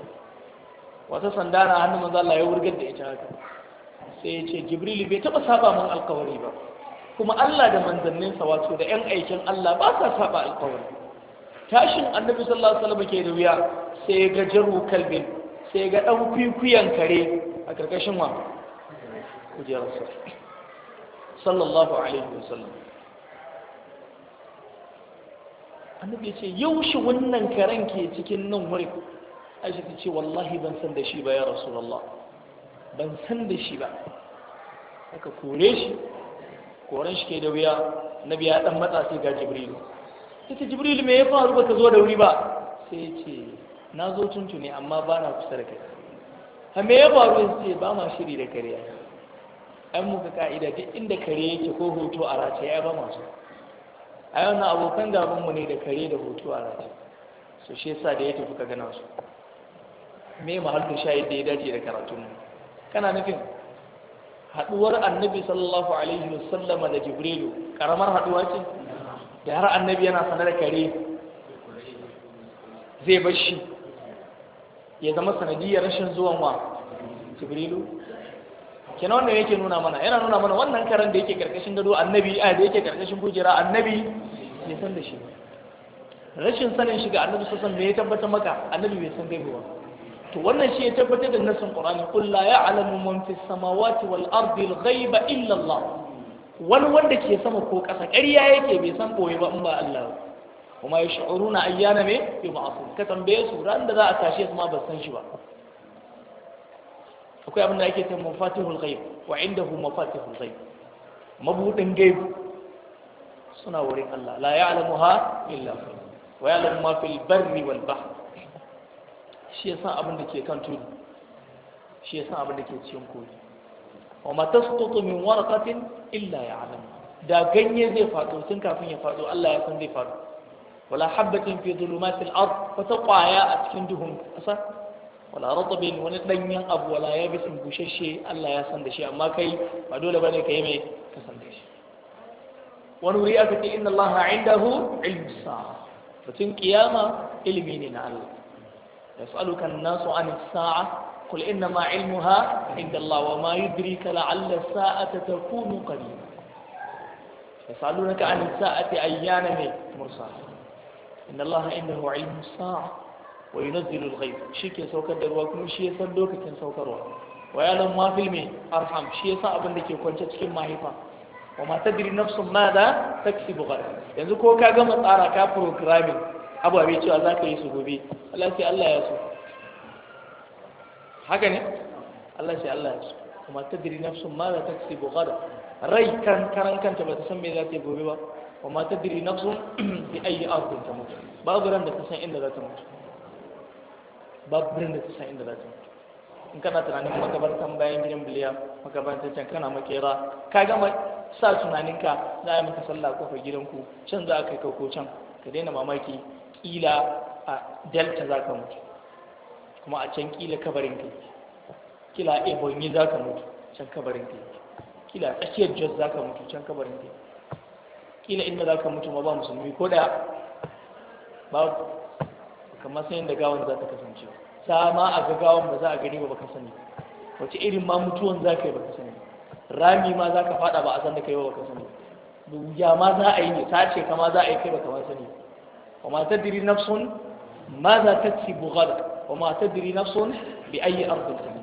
wata sanda na hannun manzo Allah ya wurgar da ita haka sai ya ce jibril bai taba saba mun alkawari ba kuma Allah da manzanninsa wato da ‘yan aikin Allah ba sa saba alkawari tashin annabi sallallahu alaihi wasallam ke da wuya sai ga jaru kalbin sai ga ɗan kwikwiyan kare a ƙarƙashin wa kujerarsa sallallahu alaihi wasallam annabi ya ce yaushe wannan karen ke cikin nan wurin aisha ta ce wallahi ban san da shi ba ya rasulullah ban san da shi ba aka kore shi koren shi ke da wuya na biya dan matsa sai ga jibrilu ita jibrilu me ya faru ka zo da wuri ba sai ce na zo tuntuni amma ba na kusa da kai ha me ya faru sai ba ma shiri da kare an muka ka'ida duk inda kare yake ko hoto a race ya ba masu a yau na abokan gabanmu ne da kare da hoto a race so shi yasa da ya tafi ka gana su me mahallin sha da ya dace da karatunmu kana nufin haduwar annabi sallallahu alaihi wasallama da jibrilu karamar haduwa ce da har annabi yana sanar da kare zai bar shi ya zama sanadiyar rashin zuwan wa jibrilu kenan wannan yake nuna mana yana nuna mana wannan karen da yake karkashin gado annabi a eh, da yake karkashin kujera annabi ne san da shi rashin sanin shiga annabi sosan me ya tabbatar maka annabi bai san gaibuwa to wannan shi ya tabbatar da nasin qur'ani qul la ya'lamu man fis samawati wal ardi al ghaiba illa Allah wani wanda ke sama ko ƙasa ƙarya yake bai san boye ba in ba Allah ba kuma yash'uruna ayyana me yub'athun ka tambaye su ran da za a tashi su ma ba san shi ba akwai abin da ake ta mafatihul ghaib wa indahu mafatihul ghaib mabudin gaibu suna wurin Allah la ya'lamuha illa hu wa ya'lamu ma fil barri wal bahr shi ya san abin da ke kan tudu shi ya san abin da ke cikin kogi wa mata su min warakatin illa ya alamu da ganye zai faɗo tun kafin ya faɗo Allah ya san zai faɗo wala habbatin fi zulumatil ard wata ƙwaya a cikin duhun ƙasa wala ratabin wani ɗanyen abu wala ya bisin bushashe Allah ya san da shi amma kai ba dole bane ka yi mai ka san da shi wani wuri aka ce inna Allah indahu ilmu sa'a batun ƙiyama ilimi ne na Allah يسألك الناس عن الساعة قل إنما علمها عند الله وما يدريك لعل الساعة تكون قريبا يسألونك عن الساعة أيان مرساها إن الله عنده علم الساعة وينزل الغيب شيك يسوك الدروا كنو شي يسدوك كن سوك الروا ويعلم ما في المين أرحم شي يسا أبن لك يكون تتكين ما هيفا وما تدري نفس ماذا تكسب غدا يعني كو كاغم الطارة كابرو كرامل ababe cewa za ka yi su gobe Allah sai Allah ya so haka ne Allah sai Allah ya so kuma ta diri nafsun ma za ta ci bukada rai karan karan kanta ba ta san me za ta yi gobe ba kuma ta diri nafsun bi ayi arzin ta mutu babu ran da ta san inda za ta mutu babu ran da ta san inda za ta mutu in kana tunanin makabartan bayan gidan biliya makabartan can kana makera ka gama sa tunaninka za a yi maka sallah kofar gidanku can za a kai ko can ka daina mamaki kila a delta za ka mutu kuma a can kila kabarin ka kila a ebonyi za ka mutu can kabarin ka kila a tsakiyar jos za ka mutu can kabarin ka kila inda za ka mutu ma ba musulmi ko da ba kamar sayan da gawan za ta kasance sa ma a ga gawan ba za a gani ba ka sani wace irin ma mutuwan za ka yi ka sani rami ma za ka fada ba a san da ka yi ba ka sani ya ma za a yi ne sace kama za a yi kai ka ma sani وما تدري نفس ماذا تكسب غدا وما تدري نفس بأي أرض تموت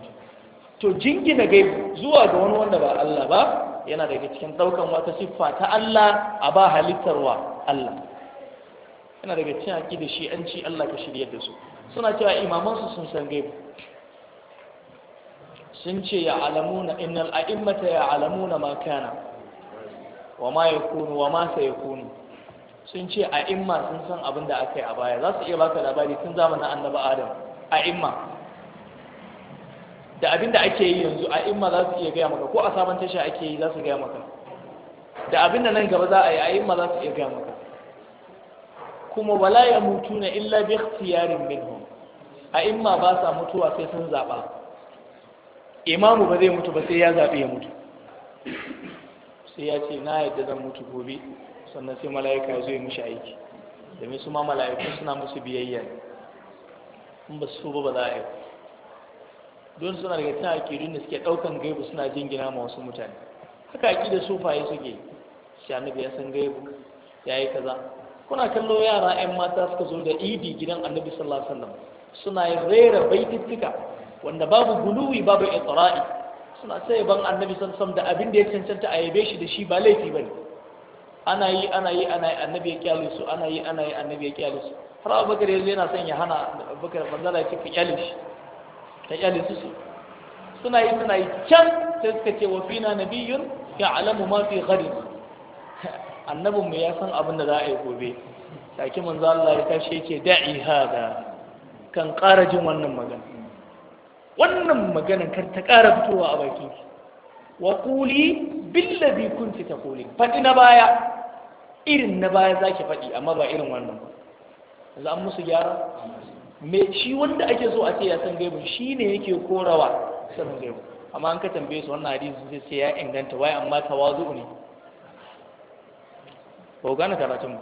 to jingina gai zuwa ga wani wanda ba Allah ba yana daga cikin daukan wata siffa ta Allah a ba halittarwa Allah yana daga cikin haƙi da shi an ci Allah ka shirya da su suna cewa imamansu sun san gaibu sun ce ya alamuna innal a'immata ya alamuna ma kana wa ma ya yakunu wa ma sayakunu sun ce a imma sun san abin da aka yi a baya za su iya baka labari tun zamanin annaba adam a imma da abin da ake yi yanzu a imma za su iya gaya maka ko a sabon tasha ake yi za su gaya maka da abin da nan gaba za a yi a imma za su iya gaya maka kuma wala ya mutu na illa bi ikhtiyarin minhum a imma ba sa mutuwa sai sun zaɓa imamu ba zai mutu ba sai ya zaɓi ya mutu sai ya ce na yadda zan mutu gobe sannan sai mala'ika ya zo yi mishi aiki domin su ma mala'iku suna musu biyayya in ba su ba ba za a yi don suna daga cikin akidun da suke ɗaukan gaibu suna jingina ma wasu mutane haka akidar sufaye suke shanu annabi ya san gaibu ya yi kaza kuna kallo yara 'yan mata suka zo da idi gidan annabi sallallahu alaihi wasallam suna yin rera baitittika wanda babu guluwi babu itra'i suna sai ban annabi sallallahu alaihi wasallam da abin da ya cancanta a yabe shi da shi ba laifi bane ana yi ana yi ana yi annabi ya kyale su ana yi ana yi annabi ya kyale su har abubakar yanzu yana son ya hana abubakar manzala ce ka kyale shi ka kyale su su suna yi suna yi can sai suka ce wa fina nabiyyun ya alamu ma fi gharin annabin mu ya san abin da za a yi gobe take manzo Allah ya tashi yake da'i hada kan ƙara jin wannan magana wannan magana kar ta ƙara fitowa a baki wa quli billazi kunti kuli faɗi na baya irin na baya za ki faɗi amma ba irin wannan ba za mu musu gyara mai shi wanda ake so a ce ya san gaibu shi ne yake korawa sanin gaibu amma an ka tambaye su wannan hadisi sai sai ya inganta wai amma tawazu ne ba gane karatun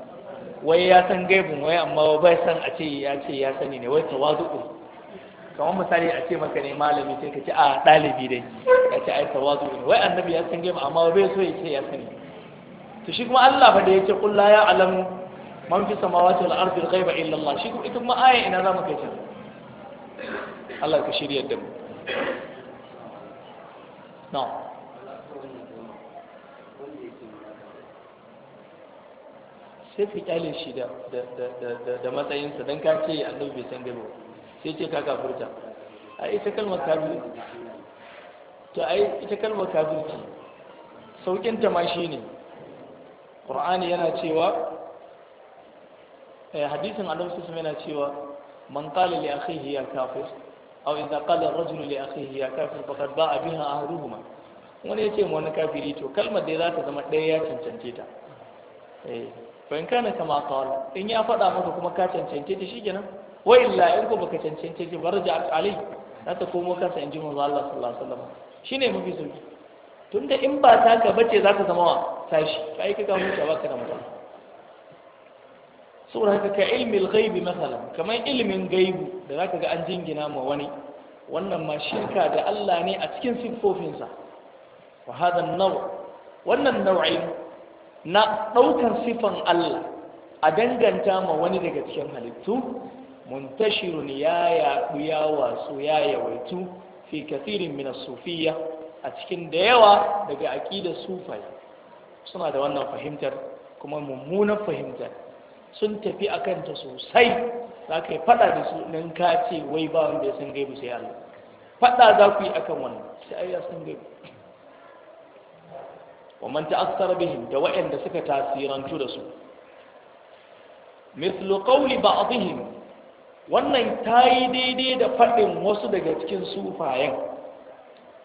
wai ya san gaibu wai amma bai san a ce ya ce ya sani ne wai tawazu ne kamar misali a ce maka ne malami sai ka ce a ɗalibi dai ka ce ai tawazu ne wai annabi ya san gaibu amma bai so ya ce ya sani to shi kuma Allah fa da yake qul la ya'lamu man fi samawati wal ardi al ghaiba illa Allah shi kuma ita kuma aya ina za mu kai ta Allah ka shirya da mu na'am sai ka kyale shi da matsayinsa don ka ce annabi bai san gaba sai ce ka kafirta a ita kalmar kafir to ai ita kalmar kafirci saukin ta ma shi ne qur'ani yana cewa eh, hadisin annabi sallallahu yana cewa man qala li akhihi ya kafir aw idza qala ar-rajulu li akhihi ya kafir faqad ba'a biha ahduhuma wani yace mu wani kafiri to kalmar dai za ta zama ɗaya ya cancance ta eh fa in kana kama qala in ya faɗa maka kuma ka cancance ta shikenan wa illa in ko baka cancance ta barja alai za ta komo kansa in ji manzo Allah sallallahu alaihi wasallam shine mafi sauki tunda in ba taka bace za ka zama wa tashi ka yi kaga ba ka da mutu saboda haka ka ilmin gaibi masalan kamar ilimin gaibu da za ka ga an jingina ma wani wannan ma shirka da Allah ne a cikin siffofinsa wa hada naw wannan nau'i na daukar sifan Allah a danganta ma wani daga cikin halittu muntashirun ya yaɗu ya wasu ya yawaitu fi kathirin min as-sufiyya a cikin da yawa daga aƙidar sufai suna da wannan fahimtar kuma mummunan fahimtar sun tafi a kanta sosai za ka yi faɗa da su nan ka ce wai ba wanda ya san gaibu sai Allah faɗa za ku yi a kan wannan sai ai ya san gaibu wa man ta'assara bihim da waɗanda suka tasirantu da su mithlu qawli ba'dihim wannan tayi daidai da faɗin wasu daga cikin sufayen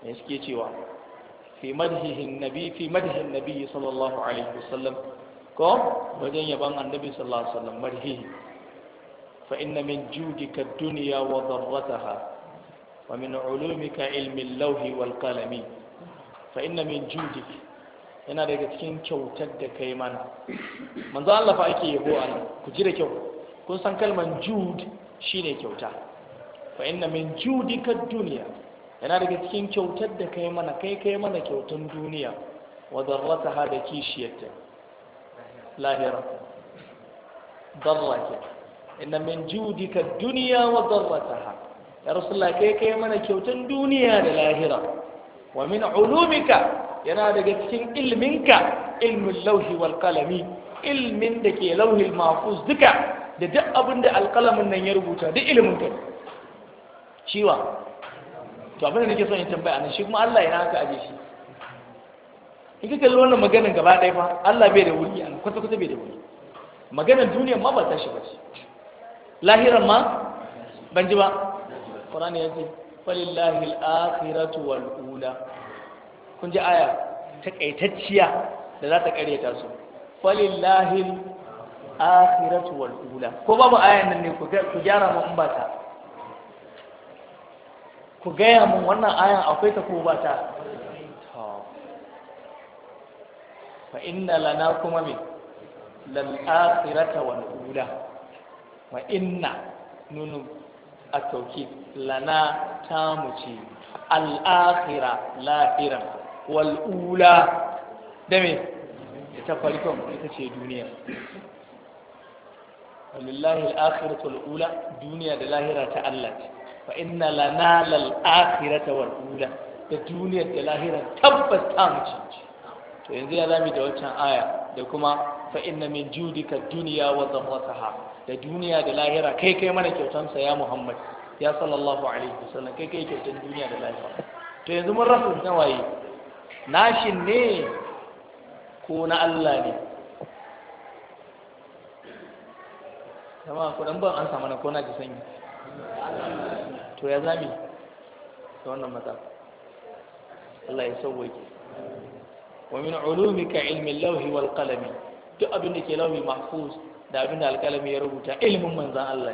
ne suke cewa fi madhihin nabi fi madhihin sallallahu alaihi wasallam ko wajen yaban annabi sallallahu alaihi wasallam madhihi fa inna min judika dunya wa dharrataha wa min ulumika ilmi al-lawhi wal qalami fa inna min judika yana daga cikin kyautar da kai mana manzo Allah fa ake yabo a ku ji da kyau kun san kalman jud shine kyauta fa inna min judika dunya yana daga cikin kyautar da kai mana kai kai mana kyautan duniya wa darrataha da kishiyarta lahira darra ke inna min judika dunya wa darrataha ya rasulullah kai kai mana kyautan duniya da lahira wa min ulumika yana daga cikin ilminka ilmin lauhi wal kalami ilmin da ke lauhil mafuz duka da duk abin da alkalamin nan ya rubuta duk ilmin ka ciwa to abin da nake son yin tambaya nan shi kuma Allah yana haka aje shi in ka kalli wannan maganar gaba ɗaya fa Allah bai da wuri an kwata kwata bai da wuri maganar duniya ma ba ta shi ba lahiran ma ban ji ba Qur'ani ya ce falillahi al-akhiratu wal ula kun ji aya takaitacciya da za ta karyata su falillahi al-akhiratu wal ula ko babu ayan nan ne ku gyara mu in ba ta ku gaya mun wannan ayan akwai ta ko ba ta fa inna lana kuma min lal akhirata wal ula wa inna nunu atauki lana lana mu ce al akhira lahiran wal ula da me ta farkon ita ce duniya walillahi al akhiratu al ula duniya da lahira ta Allah ce fa inna lana lal akhirata wal ula da duniyar da lahira tabbas ta mu to yanzu ya zami da wancan aya da kuma fa inna min judika dunya wa zawataha da duniya da lahira kai kai mana kyautan sa ya Muhammad ya sallallahu alaihi wasallam kai kai kyautan duniya da lahira to yanzu mun rasa nawaye nashin ne ko na Allah ne jama'a ku dan ban an samu na ko na ji sanyi to ya zami da wannan mata Allah ya sauwake wa min ulumika ilmin lauhi wal qalami duk abin da ke lauhi mahfuz da abin da alkalami ya rubuta ilmin manzan Allah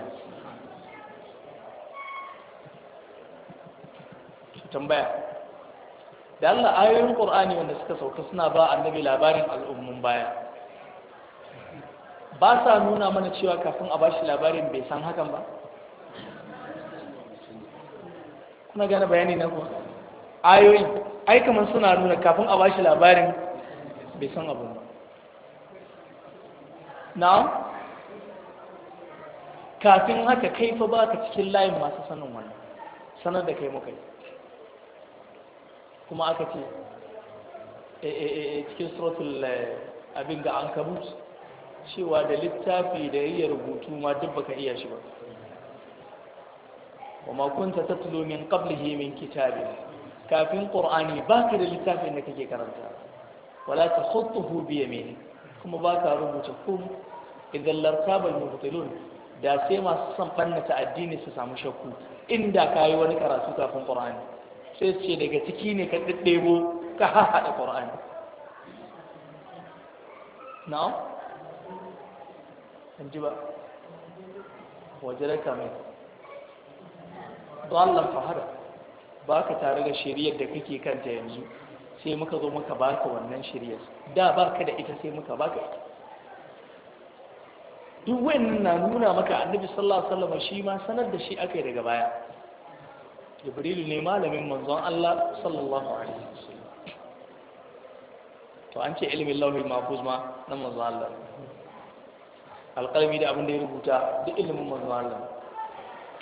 ne tambaya da Allah ayoyin Qur'ani wanda suka sauka suna ba annabi labarin al'ummun baya ba sa nuna mana cewa kafin a bashi labarin bai san hakan ba kuna gane bayani na kuwa ayoyi aikaman suna nuna kafin a bashi labarin bai san abu ba na'am kafin haka kai fa ka cikin layin masu sanin wani, sanar da kai muka yi kuma aka ce eh, eh, eh, cikin suratul abin ga an cewa da littafi da iya rubutu ma duk baka iya shi ba wa ma kunta tatlu min qablihi min kitabin kafin qur'ani baka da littafin da kake karanta wala takhutuhu bi yamini kuma baka rubuta kum idan larkabal mubtilun da sai masu son bannata addini su samu shakku inda kayi wani karatu kafin ƙur'ani sai ce daga ciki ne ka ɗiɗɗebo ka haɗa ƙur'ani na'am an ba wajen raka dallan fahada ba ka tare da shiriyar da kake kanta yanzu sai muka zo muka baka wannan shiriyar da ba ka da ita sai muka baka ita duk wannan na nuna maka annabi sallallahu alaihi wasallam shi ma sanar da shi akai daga baya jibrilu ne malamin manzon Allah sallallahu alaihi wasallam to an ce ilmi lauhil mahfuz ma nan manzon Allah alqalbi da abin da ya rubuta duk ilmin manzon Allah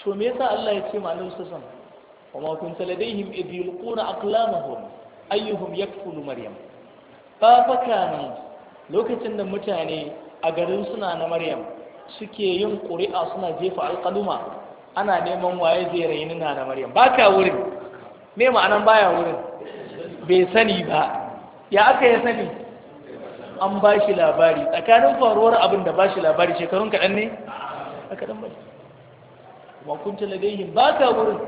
to me yasa Allah ya ce ma annabi sallallahu wa ma kun taladaihim idh yulquna aqlamahum ayyuhum yakfulu maryam fa fakana lokacin da mutane a garin suna na maryam suke yin ƙuri'a suna jefa alƙaluma ana neman waye zai raini na na maryam ba ka wurin me ma'anan baya wurin bai sani ba ya aka ya sani an ba shi labari tsakanin faruwar abin da ba shi labari shekarun kaɗan ne a kaɗan ba wa kunta ladaihim ba ka wurin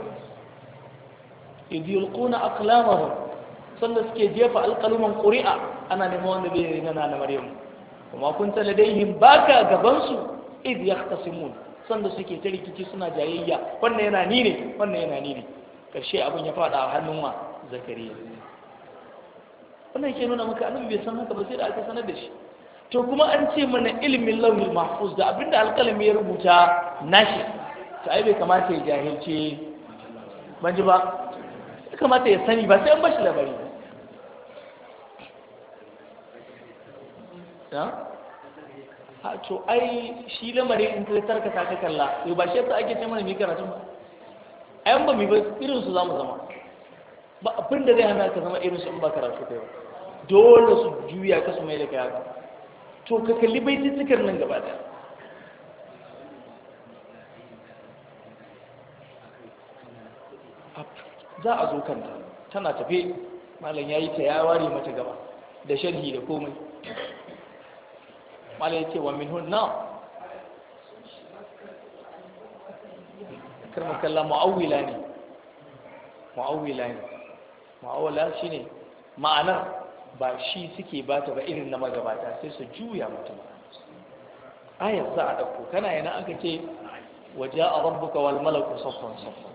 idh yulquna aqlamahum sannan suke jefa alqaluman quri'a ana neman wanda bai rena na maryam kuma kunta ladaihim suke ta rikici suna jayayya wannan yana ni ne wannan yana ni ne karshe abin ya fada a hannun wa zakariya wannan ke nuna maka annabi bai san haka ba sai da aka sanar da shi to kuma an ce mana ilimin lauhil mahfuz da abinda alƙalami ya rubuta nashi to ai bai kamata ya jahilce ban ji ba ya kamata ya sani ba sai an bashi labari ya Ha to ai shi lamari in ka tarka ta kalla yau ba shi yasa ake ce mana mu yi karatu ba ayan ba mu ba irin su zamu zama ba abin da zai hana ka zama irin su in ba karatu kai ba dole su juya ka su mai da kaya to ka kalli bai baitittukan nan gaba daya za a zo kanta tana tafe malam ya yi ta ya ware mata gaba da sharhi da komai malam ya ce wa min hunna karmar kalla ma'awila ne ma'awila ne ma'awila shi ne ma'anar ba shi suke ba ta ba irin na magabata sai su juya mutum ayar za a ɗauko kana yana aka ce waje a rabbuka wal malaku saffan saffan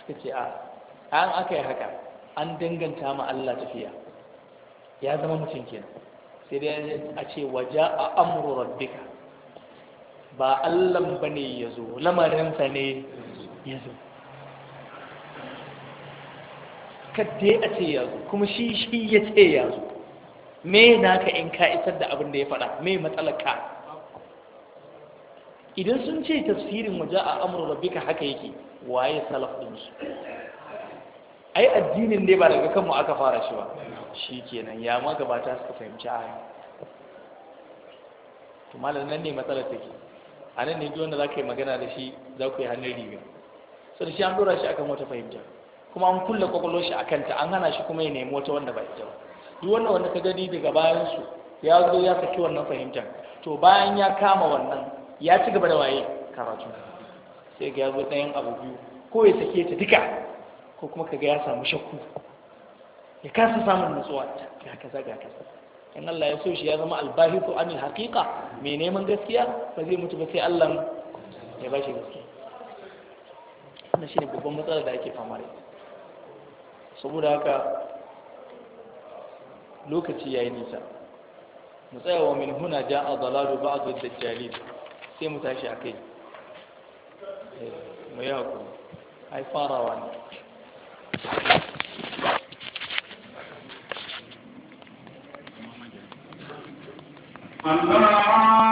suka ce a an aka yi haka an danganta ma Allah tafiya ya zama mutum kenan sai dai a ce waja a amurwar rabbika ba Allah ba ne ya zo lamarinsa ne ya zo kadde a ce ya zo kuma shi shi ya ce ya zo me na ka in ka isar da abin da ya faɗa me matsalaka. ka idan sun ce tafsirin waje a amurwar rabbika haka yake waye salaf din su ai addinin ne ba daga kanmu aka fara shi ba shi kenan ya gabata suka fahimci ayi to malam nan ne matsalar take a nan ne duk wanda za ka yi magana da shi za ku yi hannun riga so da shi an dora shi akan wata fahimta kuma an kulle kwakwalwar shi a kanta, an hana shi kuma ya nemi wata wanda ba ita ba duk wanda wanda ka gani daga bayan su ya zo ya saki wannan fahimtar to bayan ya kama wannan ya ci gaba da waye karatu sai ga ya zo ɗayan abu biyu ko ya sake ta duka ko kuma kaga ya samu shakku ya kasa samun nutsuwa ga kaza ga kaza in Allah ya so shi ya zama albahithu anil haqiqa me neman gaskiya ba zai mutu ba sai Allah ya ba shi gaskiya wannan shine babban matsalar da ake fama da ita saboda haka lokaci yayi nisa mu tsaya wa min huna ja'a dalalu ba'd ad-dajjalin sai mu tashi akai eh, mu yi hakuri ai farawa ne Allah